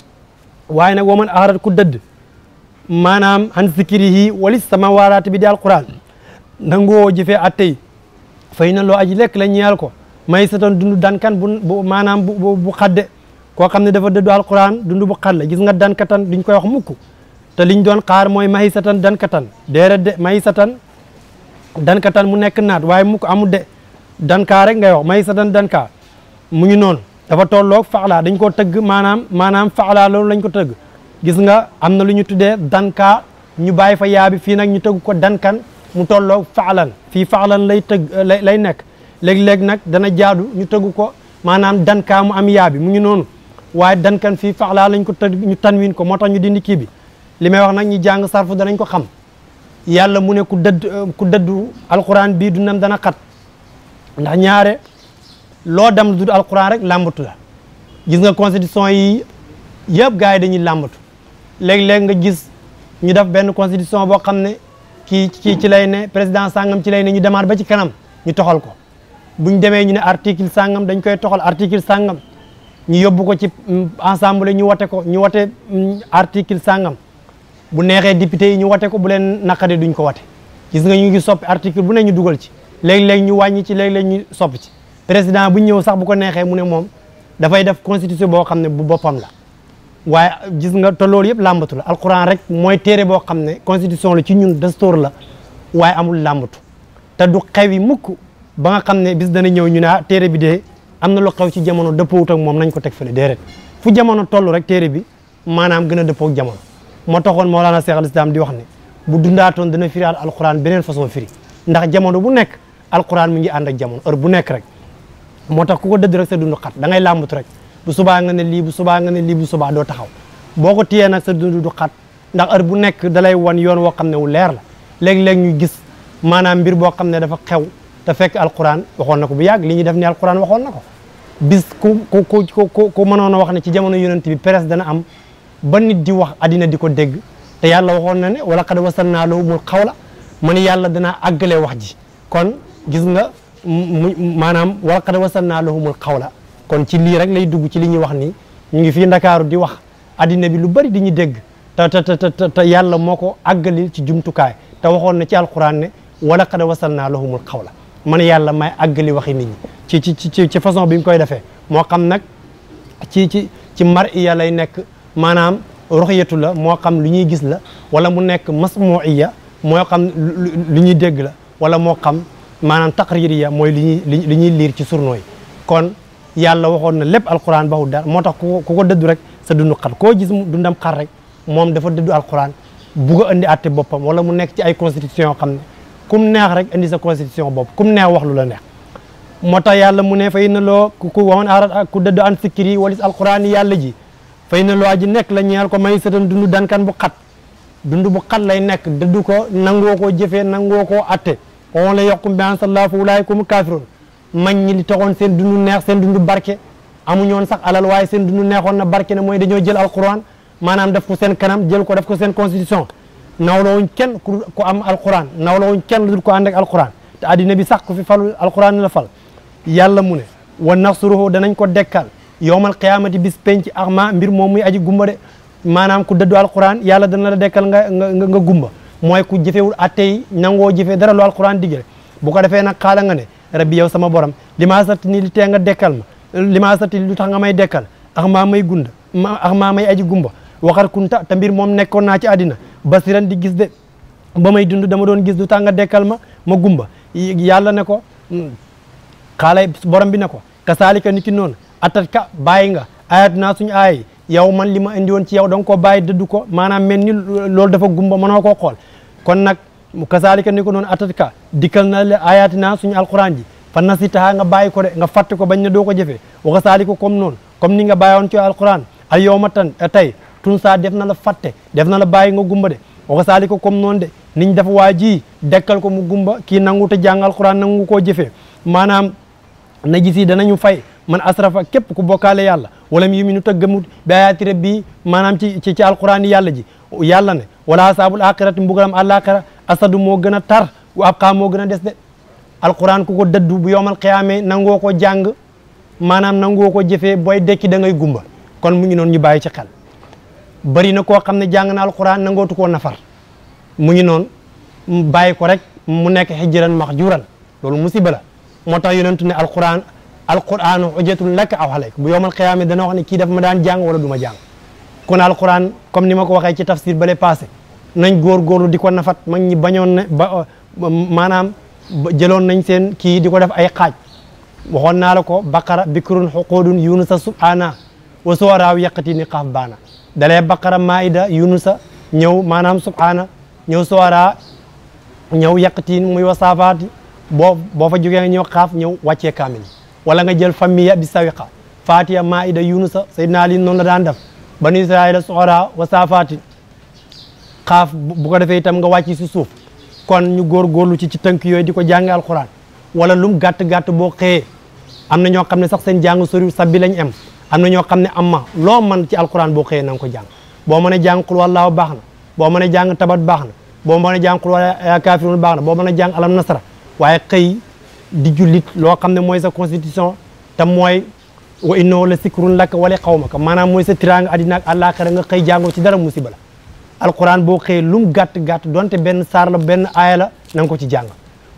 waaye nag waman aarat ku dëdd maanaam an zikrihi walis sama waaraate bi di alquran nangoo jëfee attey fay na loo aji lekk la ñeel ko may satan dund dankan bu maanaam bu bu xadde koo xam ne dafa dëddu alquran dund bu xad la gis nga dankatan duñ koy wax mukk te liñ doon xaar mooy mahi satan dankatan déedéet de mahi satan dankatan mu nekk naat waaye mukk amul de dankaa rek ngay wax mahi satan dankaa mu ngi noonu dafa tolloog faxlaa dañ koo tëgg maanaam maanaam faxlaa loolu lañ ko tëgg gis nga am na lu ñu tuddee dankaa ñu bàyyi fa yaabi fii nag ñu tëgg ko dankan mu tollook faalan fii faalan lay tëgg eh, lay nekk léeg-léeg nag dana jaadu ñu tëgg ko maanaam dankaa mu am yaabi mu ngi noonu waaye dankan fii faala lañ ko tëgg ñu tan tanwin ko moo tax ñu dindi kii bi li may wax nag ñi jàng sarfu danañ ko xam yàlla mu ne ku dëdd eh, ku dëddu alquran bii du nam dana xat ndax ñaare loo dem lu dul alquran rek làmbatu la gis nga constitution yi yëpp yi dañuy làmbatu léeg-léeg nga gis ñu def benn constitution boo xam ne kii kii ci lay ne président sangam ci lay ne ñu demaat ba ci kanam ñu toxal ko bu buñ demee ñu ne article sangam dañ koy toxal article sangam ñu yóbbu ko ci mm, ensemble ñu wate ko ñu wate mm, article sangam bu neexee député yi ñu wate ko bu leen naqade duñ ko wate gis nga ñu ngi soppi article bu ne ñu dugal ci léeg-léeg ñu wàññi ci léeg-léeg ñu soppi ci président bu ñëw sax bu ko neexee mu ne moom dafay def constitution boo xam ne bu boppam la waaye gis nga te loolu yëpp làmbatu la alquran rek mooy téere boo xam ne constitution la ci ñun dastoor la waaye amul làmbatu te du xewi mukk ba nga xam ne bis dana ñëw ñu a ah bi dee am na lu xew ci jamono dëppoowut ak moom nañ ko teg fële déedéet fu jamono toll rek téere bi maanaam gën a dëppoo ak jamono moo taxoon Mawlana Cheikh al Islam di wax ne bu dundaatoon dana firi alquran beneen façon firi ndax jamono bu nekk alquran mu ngi ànd ak jamono bu nekk rek moo tax ku ko dëdd rek sa dund xat da ngay làmbatu rek bu subaa nga ne lii bu subaa nga ne lii bu subaa doo taxaw boo ko téyee nag sa dund du xat ndax heure bu nekk dalay wan yoon woo xam ne wu leer la léeg-léeg ñu gis maanaam mbir boo xam ne dafa xew te fekk alquran waxoon na ko bu yàgg li ñuy def ni alquran waxoon na ko bis ku ku ku ku ku mënoon a wax ne ci jamono yonent bi presse dana am ba nit di wax addina di ko dégg te yàlla waxoon na ne wala qad wasalnaa lahumul qawla man yàlla danaa àggale wax ji kon gis nga mu maanaam walaqad wasalnaa lahumul qawla kon ci lii rek lay dugg ci li ñuy wax ni ñu ngi fii ndakaaru di wax addina bi lu bari di ñu dégg te te te te yàlla moo ko àggalil ci jumtukaay te waxoon na ci alquran ne walaqad wasalnaa lahumul qawla man yàlla may àggali waxi nit ñi ci ci ci ci façon bi ñu koy defee moo xam nag ci ci ci mar iya lay nekk maanaam ruxyatu la moo xam lu ñuy gis la wala mu nekk masmuiya moo xam lu ñuy dégg la wala moo xam maanaam taqririya mooy li ñuy li ñuy liir ci surno kon yàlla waxoon na lépp alquran baxul dara moo tax ku ko dëddu rek sa dundu xar koo gis dundam xar rek moom dafa dëddu alquran bugg a indi atte boppam wala mu nekk ci ay constitution yoo xam ne kum neex rek indi sa constitution bopp kum neex wax lu la neex moo tax yàlla mu ne fay na loo ku waman arat ku dëddu an sikkiri walis alquran yi yàlla ji fay na loo aji nekk la ñeel ko may satan dundu dankan bu xat dund bu xat lay nekk dëddu ko nangoo koo jëfee nangoo koo atte on la yokkum bi an sallah fa ulaykum kafirun mañ ñi li taxoon seen dundu neex seen dundu barke amuñoon sax alal waaye seen dundu neexoon na barke ne mooy dañoo jël alquran maanaam def ko seen kanam jël ko def ko seen constitution nawlawuñ kenn ku ko am alquran nawlawuñ kenn dul ko ànd ak alquran te addina bi sax ku fi falu alquran la fal yàlla mu ne wa nasruhu danañ ko dekkal yowmal qiyaamati bis penc maa mbir moom muy aji gumba de maanaam ku dëddu alquran yàlla dana la dekkal nga nga nga gumba mooy ku jëfewul attey nangoo jëfe dara lu alquran digal bu ko defee nag xaala nga ne rabbi yow sama borom li maa satti ni li tee nga dekkal ma li maa satti lu tax nga may dekkal ax maa may gunda ax maa may aji gumba waxar kunta te mbir moom nekkoon naa ci àddina basiran di gis de ba may dund dama doon gis du tax nga dekkal ma ma gumba yàlla ne ko hmm. xaala borom bi ne ko ka saalika ni ki noon atat ka bàyyi nga ayat naa suñu aay yow man li ma indi woon ci yow da nga koo bàyyi dëddu ko maanaam mel ni loolu dafa gumba mënoo koo xool kon nag kasaalika ni ko noonu atatka dikkal na la ayaati naa suñu alquran ji fan na si taxaa nga bàyyi ko de nga fàtte ko bañ na doo ko jëfee wa kasaalika comme noonu comme ni nga bàyyoon ci alquran al yow ma eh, tey tun saa def na la fàtte def na la bàyyi nga gumba de wa kasaalika comme noonu de niñ dafa waa ji dekkal ko mu gumba kii nangu te jàng alquran nangu koo jëfee maanaam na gis yi danañu fay man asrafa képp ku bokkaale yàlla wala mu yuminu ta gëmut bi ayaati rabbi maanaam ci ci ci alquraan yi yàlla ji yàlla ne wala asaabul aqirati mbugalam àllaaxira asadu moo gën a tar wa abqaa moo gën a des de alquraan ku ko dëddu bu yowmal qiyaame nangoo ko jàng maanaam nangoo ko jëfee booy dekki da ngay gumba kon mu ngi noon ñu bàyyi ci xel bari na koo xam ne jàng na alquraan nangootu koo nafar mu ngi noonu bàyyi ko rek mu nekk xijran maxjuran loolu musiba la moo tax yonentu ne alquraan alquran hujjatun laka aw alayk bu yowmal qiyaama dana wax ne kii daf ma daan jàng wala du ma jàng kon alquran comme ni ma ko waxee ci tafsir bale passé nañ góorgóorlu di ko nafat mag ñi bañoon na ba maanaam jëloon nañ seen kii di ko def ay xaaj waxoon naa la ko baqara bikrun xuquudun yunusa subhana wa suwaraaw yaqati ni xaaf baana dalee baqara maida yunusa ñëw maanaam subhana ñëw suwaraa ñëw yaqatiin muy wasaafaati boo boo fa jógee nga ñëw xaaf ñëw wàccee kaamil wala nga jël famiya bi sawiqa fatiya maida yunusa sayyidina ali noonu la daan def banu israila soxora wa safati xaaf bu ko defee itam nga wàcc si suuf kon ñu góorgóorlu ci ci tënk yooyu di ko jàng alxuraan wala lum gàtt-gàtt boo xëyee am na ñoo xam ne sax seen jàng sori sabbi lañ am am na ñoo xam ne am ma loo man ci alxuraan boo xëyee na ko jàng boo mën a jàng qul wallaahu baax na boo mën a jàng tabat baax na boo mën a jàng qul yaa kaafiruun baax na boo mën a jàng alam nasara di jullit loo xam ne mooy sa constitution te mooy wa innahu la sikrun laka wala qawmaka maanaam mooy sa tiraanga àddina ak nga xëy jàngoo ci dara musiba la alquran boo xëyee lum gàtt gàtt donte benn saar la benn aaya la na ko ci jàng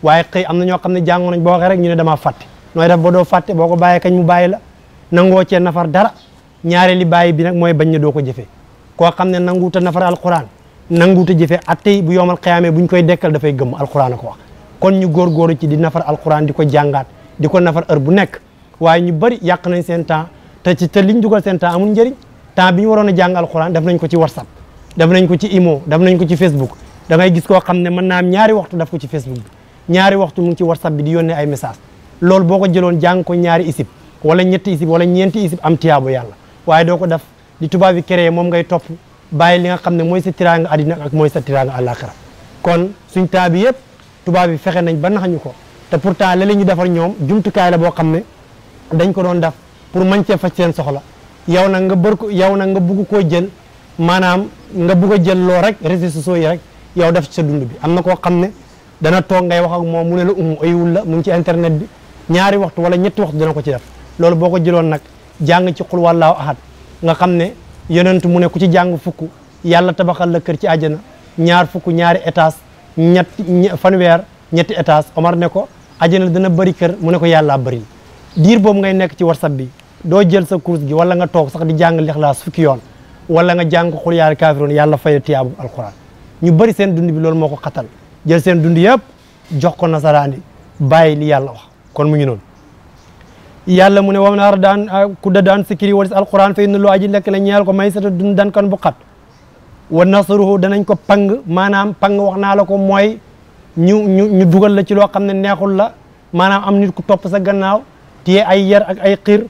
waaye xëy am na ñoo xam ne jàngoo nañ boo rek ñu ne damaa fàtte nooy def ba fàtte boo ko bàyyee kañ mu bàyyi la nangoo cee nafar dara ñaaree li bàyyi bi nag mooy bañ ne doo ko jëfee koo xam ne nanguuta nafar alquran nanguuta jëfee attey bu yoomal xiyaamee buñ koy dekkal dafay gëmm alquran a ko wax kon ñu góorgóoru ci di nafar alquran di ko jàngaat di ko nafar heure bu nekk waaye ñu bari yàq nañ seen temps te ci te liñ dugal seen temps amul njëriñ temps bi ñu waroon a jàng alquran def nañ ko ci whatsapp def nañ ko ci imo def nañ ko ci facebook da ngay gis koo xam ne mën naa am ñaari waxtu daf ko ci facebook bi ñaari waxtu mu ngi ci whatsapp bi di yónnee ay message loolu boo ko jëloon jàng ko ñaari isib wala ñetti isib wala ñeenti isib am tiyaabo yàlla waaye doo ko def di tubaab bi créé moom ngay topp bàyyi li nga xam ne mooy sa tiraanga àddina ak mooy sa tiraanga àllaaxira kon suñ temps bi yëpp tubaab yi fexe nañ ba nax ñu ko te pourtant la li ñu defar ñoom jumtukaay la boo xam ne dañ ko doon def pour mën cee faj seen soxla yow nag nga bër ko yow nag nga bugg koo jël maanaam nga bugg a jël loo rek réseaux sociaux yi rek yow def ci sa dund bi am na koo xam ne dana toog ngay wax ak moom mu ne la umu ayiwul la mu ngi ci internet bi ñaari waxtu wala ñetti waxtu dana ko ci def loolu boo ko jëloon nag jàng ci xul wallaahu ahad nga xam ne yenent mu ne ku ci jàng fukk yàlla tabaxal la kër ci àjjana ñaar fukk ñaari étage ñett fanweer ñetti étage Omar ne ko ajana dana bëri kër mu ne ko yàllaa bëril diir boobu ngay nekk ci whatsapp bi doo jël sa course gi wala nga toog sax di jàng lixlaas fukki yoon wala nga jàng xul yaal kaafiroon yàlla fay faye tiyaabu alquran ñu bëri seen dund bi loolu moo ko xatal jël seen dund yëpp jox ko nasaraan yi bàyyi li yàlla wax kon mu ngi noonu yàlla mu ne wam naar ah, daan ku da daan sikkiri walis alquran fa inna lu aji lekk la ñeel dan kan bu wa nasruhu danañ ko pang maanaam pang wax naa la ko mooy ñu ñu ñu dugal la ci loo xam ne neexul la maanaam am nit ku topp sa gannaaw téye ay yar ak ay xiir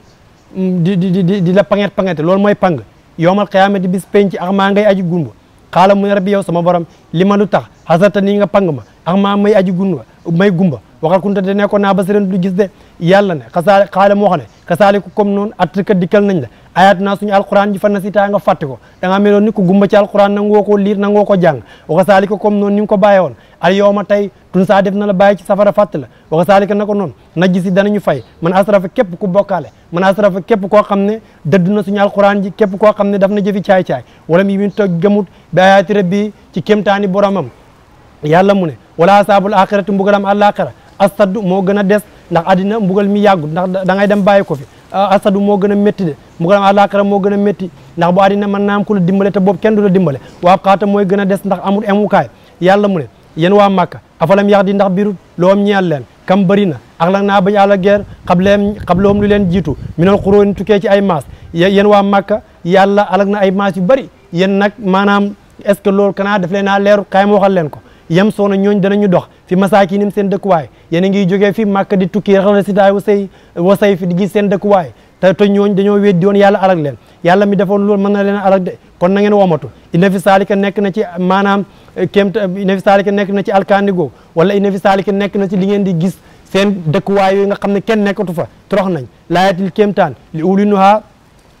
mm, di di di di la panget pangete loolu mooy pang yowmal qiyaamati bis penc ax maa ngay aji gumba xaala mu ne rabbi yow sama borom li ma lu tax xasarta nii nga pang ma ax maa may aji gumba may gumba waxal kunta de nekkoon naa ba sëren du gis de yàlla ne xasaale xaala mu wax ne kasaaliku comme noonu att ka dikkal nañ la ayaat naa suñu alquran ji fa nasitaa ko da ngaa meloon ni ku gumba ci alquran nangoo ko liir nangoo ko jàng wa kasaalika comme noonu ni nga ko bàyyee woon al yawma tey tun saa def la bàyyi safara fàtte la wa kasaalika na ko noonu najji si danañu fay man asrafa képp ku bokkaale man asrafa képp koo xam ne dëdd na suñu alquran ji képp koo xam ne daf na jëfi caay-caay wala mi min toog gëmut bi ayaati rabbi ci kéemtaani boromam yàlla mu ne wala asaabul axirati mbugalam àllaaxira a des ndax àddina mbugal mi yàggut ndax da ngay dem bàyyi ko fi ah, asadu moo gën a métti de mbugalam àlaakara moo gën a métti ndax bu àddina mën naa am ku la dimbale te boobu kenn du la dimbale waa xaata mooy gën a des ndax amul emukaay yàlla mu ne yéen waa Màkka afalam yax di ndax biru loom ñeel leen kam bëri na ak la naa bañ àla guerre xableem xabloom lu leen jiitu minal xuróon tukkee ci ay maas yéen waa Màkka yàlla alag na ay maas yu bëri yéen nag maanaam est ce que loolu kanaa daf leen leeru kaay waxal leen ko yam soona ñooñ danañu dox fi masaakinim seen dëkkuwaay yéen a ngi jógee fi màkk di tukki raxal na si daay wasay wasay fi di gis seen dëkkuwaay te te ñooñ dañoo weddi yàlla alag leen yàlla mi defoon loolu mën na leen alag de kon na ngeen womatu inna fi saalika nekk na ci maanaam eh, kéem inna fi saalika nekk na ci alkaandigo wala inna fi saalika nekk na ci li ngeen di gis seen dëkkuwaay yooyu nga xam ne kenn nekkatu fa torox nañ laayatil kéemtaan li uli nuha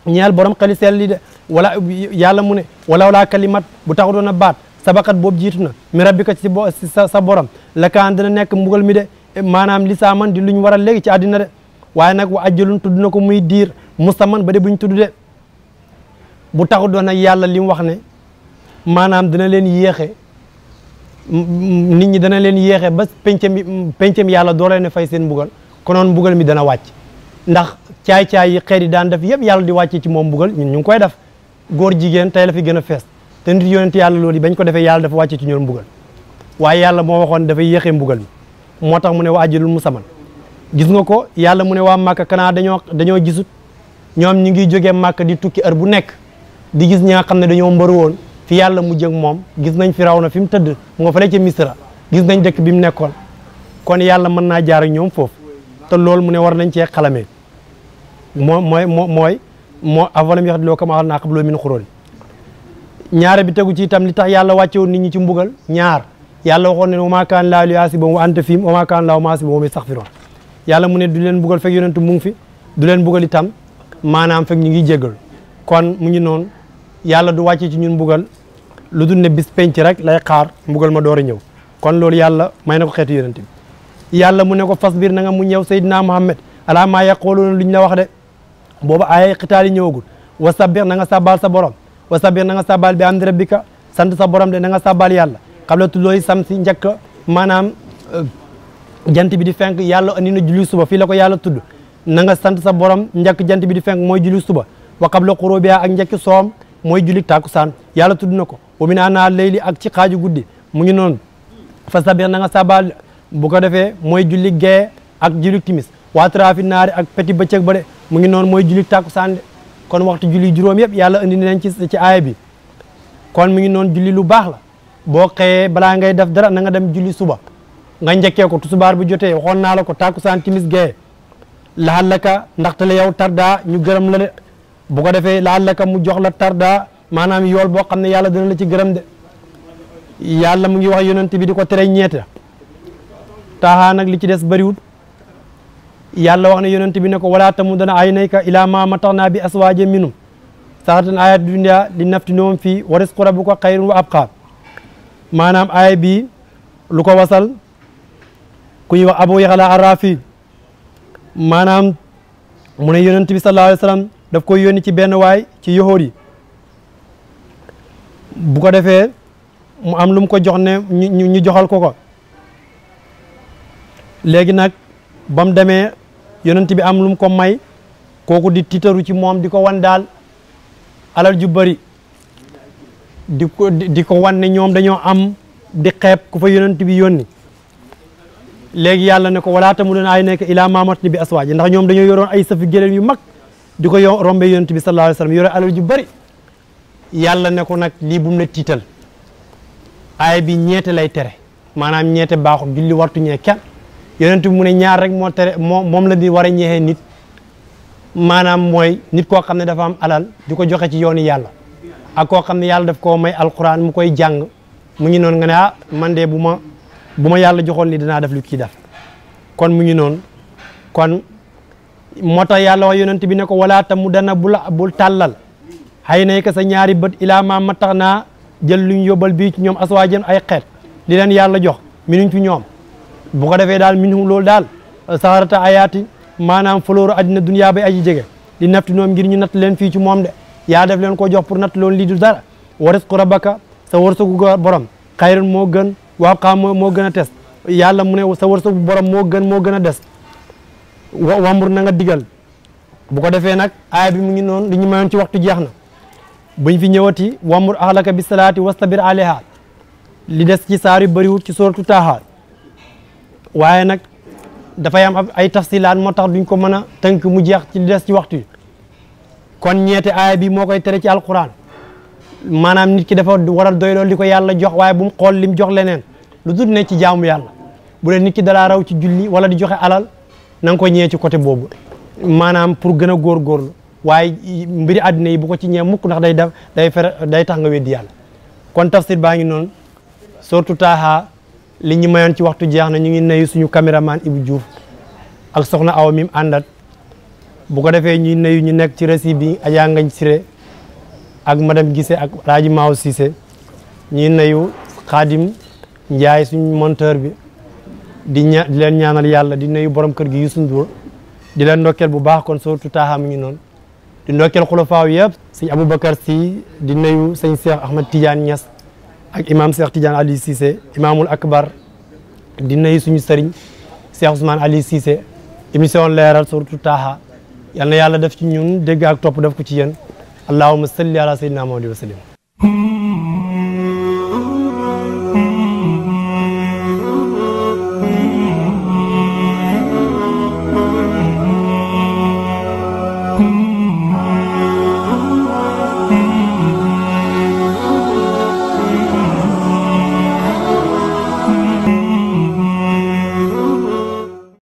ñeel borom xali seel li de wala yàlla mu ne wala wala kalimat bu taxu doon a baat sabakat boobu jiitu na mi rabbika ci sa sa borom la kaan dina nekk mbugal mi de maanaam li saa man di lu ñu waral léegi ci àddina de waaye nag wa ajjalun tudd na ko muy diir mustaman ba de bu ñu tudd de bu taxu doon nag yàlla li mu wax ne maanaam dina leen yéexe nit ñi dana leen yéexe ba pencem pencem yàlla doo leen fay seen ko noon mbugal mi dana wàcc ndax caay-caay yi xeet daan def yëpp yàlla di wàcce ci moom mbugal ñun ñu ngi koy def góor jigéen tey la fi gën a fees te nit yonent yàlla lool yi bañ ko defee yàlla dafa wàcce ci ñoom mbugal waaye yàlla moo waxoon dafa yéexee mbugal mi moo tax mu ne waa wa mu saman gis nga ko yàlla mu ne waa màkk kanaa dañoo dañoo gisut ñoom ñu ngi jógee màkk di tukki heure bu nekk di gis ñi xam ne dañoo mbaru woon fi yàlla mu jëg moom gis nañ Firawna fi mu tëdd mu nga fële ca Misra gis nañ dëkk bi mu nekkoon kon yàlla mën naa jaar ñoom foofu te loolu mu ne war nañ cee xalamee moo mooy moo mooy moo avalam yax diloo kama xal naa xabloo ñaare bi tegu ci itam li tax yàlla wàccewul nit ñi ci mbugal ñaar yàlla waxoon ne wa maa kaan laa liyu'aaziba wa anta fiihim wa maa kaan laa mu'aaziba wa hum yastaghfiruun yàlla mu ne du leen mbugal fekk yonentu mu ngi fi du leen mbugal itam maanaam fek ñu ngi jéggal kon mu ngi noon yàlla du wàcce ci ñun mbugal lu dul ne bis penc rek lay xaar mbugal ma door a ñëw kon loolu yàlla may na ko xeetu yonent bi yàlla mu ne ko fasbir na nga mu ñëw Seydina Muhammad alaa ma yaquuluuna lu ñu la wax de boobu ay xitaal yi ñëwagul wa sabbih na nga sabbal sa borom wa sabir na nga sabal bi am di rabbika sant sa borom de na nga sabal yàlla xabla tullooy sam si njëkk maanaam eh, jant bi di fenk yàlla andi na julli suba fii la ko yàlla tudd na nga sant sa borom njëkk jant bi di fenk mooy julli suba wa xabla xuróobiya ak njëkk soom mooy julli tàkkusaan yàlla tudd na ko wa min ana layli ak ci xaaju guddi mu ngi noonu fa sabir na nga sabal bu ko defee mooy julli gee ak julli timis waatraafi naari ak petit bëccëg ba mu ngi noonu mooy julli tàkkusaan de kon waxtu julli juróom yëpp yàlla indi nañ ci ci aaya bi kon mu ngi noon julli lu baax la boo xëyee balaa ngay def dara na nga dem julli suba nga njëkkee ko tusubaar bu jotee waxoon naa la ko takkusaan timis gee laallaka ndaxte la yow tarda ñu gërëm la de bu ko defee laallaka mu jox la tarda maanaam yool boo xam ne yàlla dina la ci gërëm de yàlla mu ngi wax yonent bi di ko tere ñeeta taaxaa nag li ci des bëriwut yàlla wax ne yonent bi ne ko walaa tamuddanna aynayka ilaa maa mataxnaa bi aswaajin minhum saatan ayat dunya li naftinahum fii wa risqu rabbika xayrun wa abqaa maanaam aaya bi lu ko wasal ku ñuy wax abu yaxla arrafi maanaam mu ne yonent bi sallallahu daf koy yónni ci benn waay ci yoxóor yi bu ko defee mu am lu mu ko jox ne ñu joxal ko ko léegi nag ba mu demee yonent bi am lu mu ko may kooku di tiitaru ci moom di ko wan daal alal ju bari di ko di ko wan ne ñoom dañoo am di xeeb ku fa ti bi yónni léegi yàlla ne ko walaata mu doon ay nekk ilaa maamat ni bi aswaaji ndax ñoom dañoo yoroon ay safi gëléem yu mag di ko rombe yonent bi sallallahu alayhi wa sallam yore alal ju bari yàlla ne ko nag lii bu mu la tiital aay bi ñeete lay tere maanaam ñeete baaxul julli wartu ñee kenn yonent bi mu ne ñaar rek moo tere moo moom la di war a ñeexee nit maanaam mooy nit koo xam ne dafa am alal di ko joxe ci yoonu yàlla ak koo xam ne yàlla daf koo may alquran mu koy jàng mu ngi noonu nga ne ah, man de bu ma bu ma yàlla joxoon li dinaa def lu kii def kon mu ngi kon moo tax yàlla wax yonent bi ne ko wala ta mu dana bul bul tàllal xëy ka sa ñaari bët ilaa ma ma tax naa jël luñ yobal bii ci ñoom aswaajan ay xeet li leen yàlla jox mi nuñ ci ñoom bu ko defee daal minhum loolu daal saharata ayaati maanaam folooru addina duniyaa bay aji jege li nafti noom ngir ñu natt leen fii ci moom de yaa def leen ko jox pour natt loolu lii du dara wa risqu rabbaka sa wërsëgu borom xayrun moo gën waaw xaam moo gën a tes yàlla mu ne sa wërsëgu borom moo gën moo gën a des wambur na nga digal bu ko defee nag aaya bi mu ngi noon li ñu mayoon ci waxtu jeex na buñ fi ñëwati wambur ahlaka bi salaati wastabir aleyha li des ci saar yu bëriwut ci suratu taaha waaye nag dafay am ay tafsilaan moo tax duñ ko mën a tënk mu jeex ci des ci waxtu yi kon ñeete aaya bi moo koy tere ci alquran maanaam nit ki dafa war a doyloo li ko yàlla jox waaye bu mu xool lim jox leneen lu dul ne ci jaamu yàlla bu dee nit ki dalaa raw ci julli wala di joxe alal na nga ko ñee ci côté boobu maanaam pour gën a góorgóorlu waaye mbiri àddina yi bu ko ci ñee mukk ndax day def day fere day tax nga weddi yàlla kon tafsir baa ngi noonu surtout taaha li ñu mayoon ci waxtu jeex na ñu ngi nuyu suñu caméraman Ibou Diouf ak soxna aw mi mu bu ko defee ñuy nuyu ñu nekk ci récit bi Adja Ngañ Siré ak madame gise ak Raji Maaw Cissé ñuy nuyu Khadim njaay suñu monteur bi di ña di leen ñaanal yàlla di nuyu borom kër gi Youssou Ndour di leen ndokkeel bu baax kon surtout taaxaa mu ngi noonu di ndokkeel xulafaaw yëpp sëñ Aboubacar si di nuyu sëñ Cheikh Ahmed tiijaan ñas ak imaam Cheikh Tidiane Aliou Cissé imaamul akbar di nuyu suñu sëriñ Cheikh Ousmane Aliou Cissé émission leeral surtout taaha yal na yàlla def ci ñun dégg ak topp def ko ci yéen allahumma salli ala sayyidina Muhammad wa sallim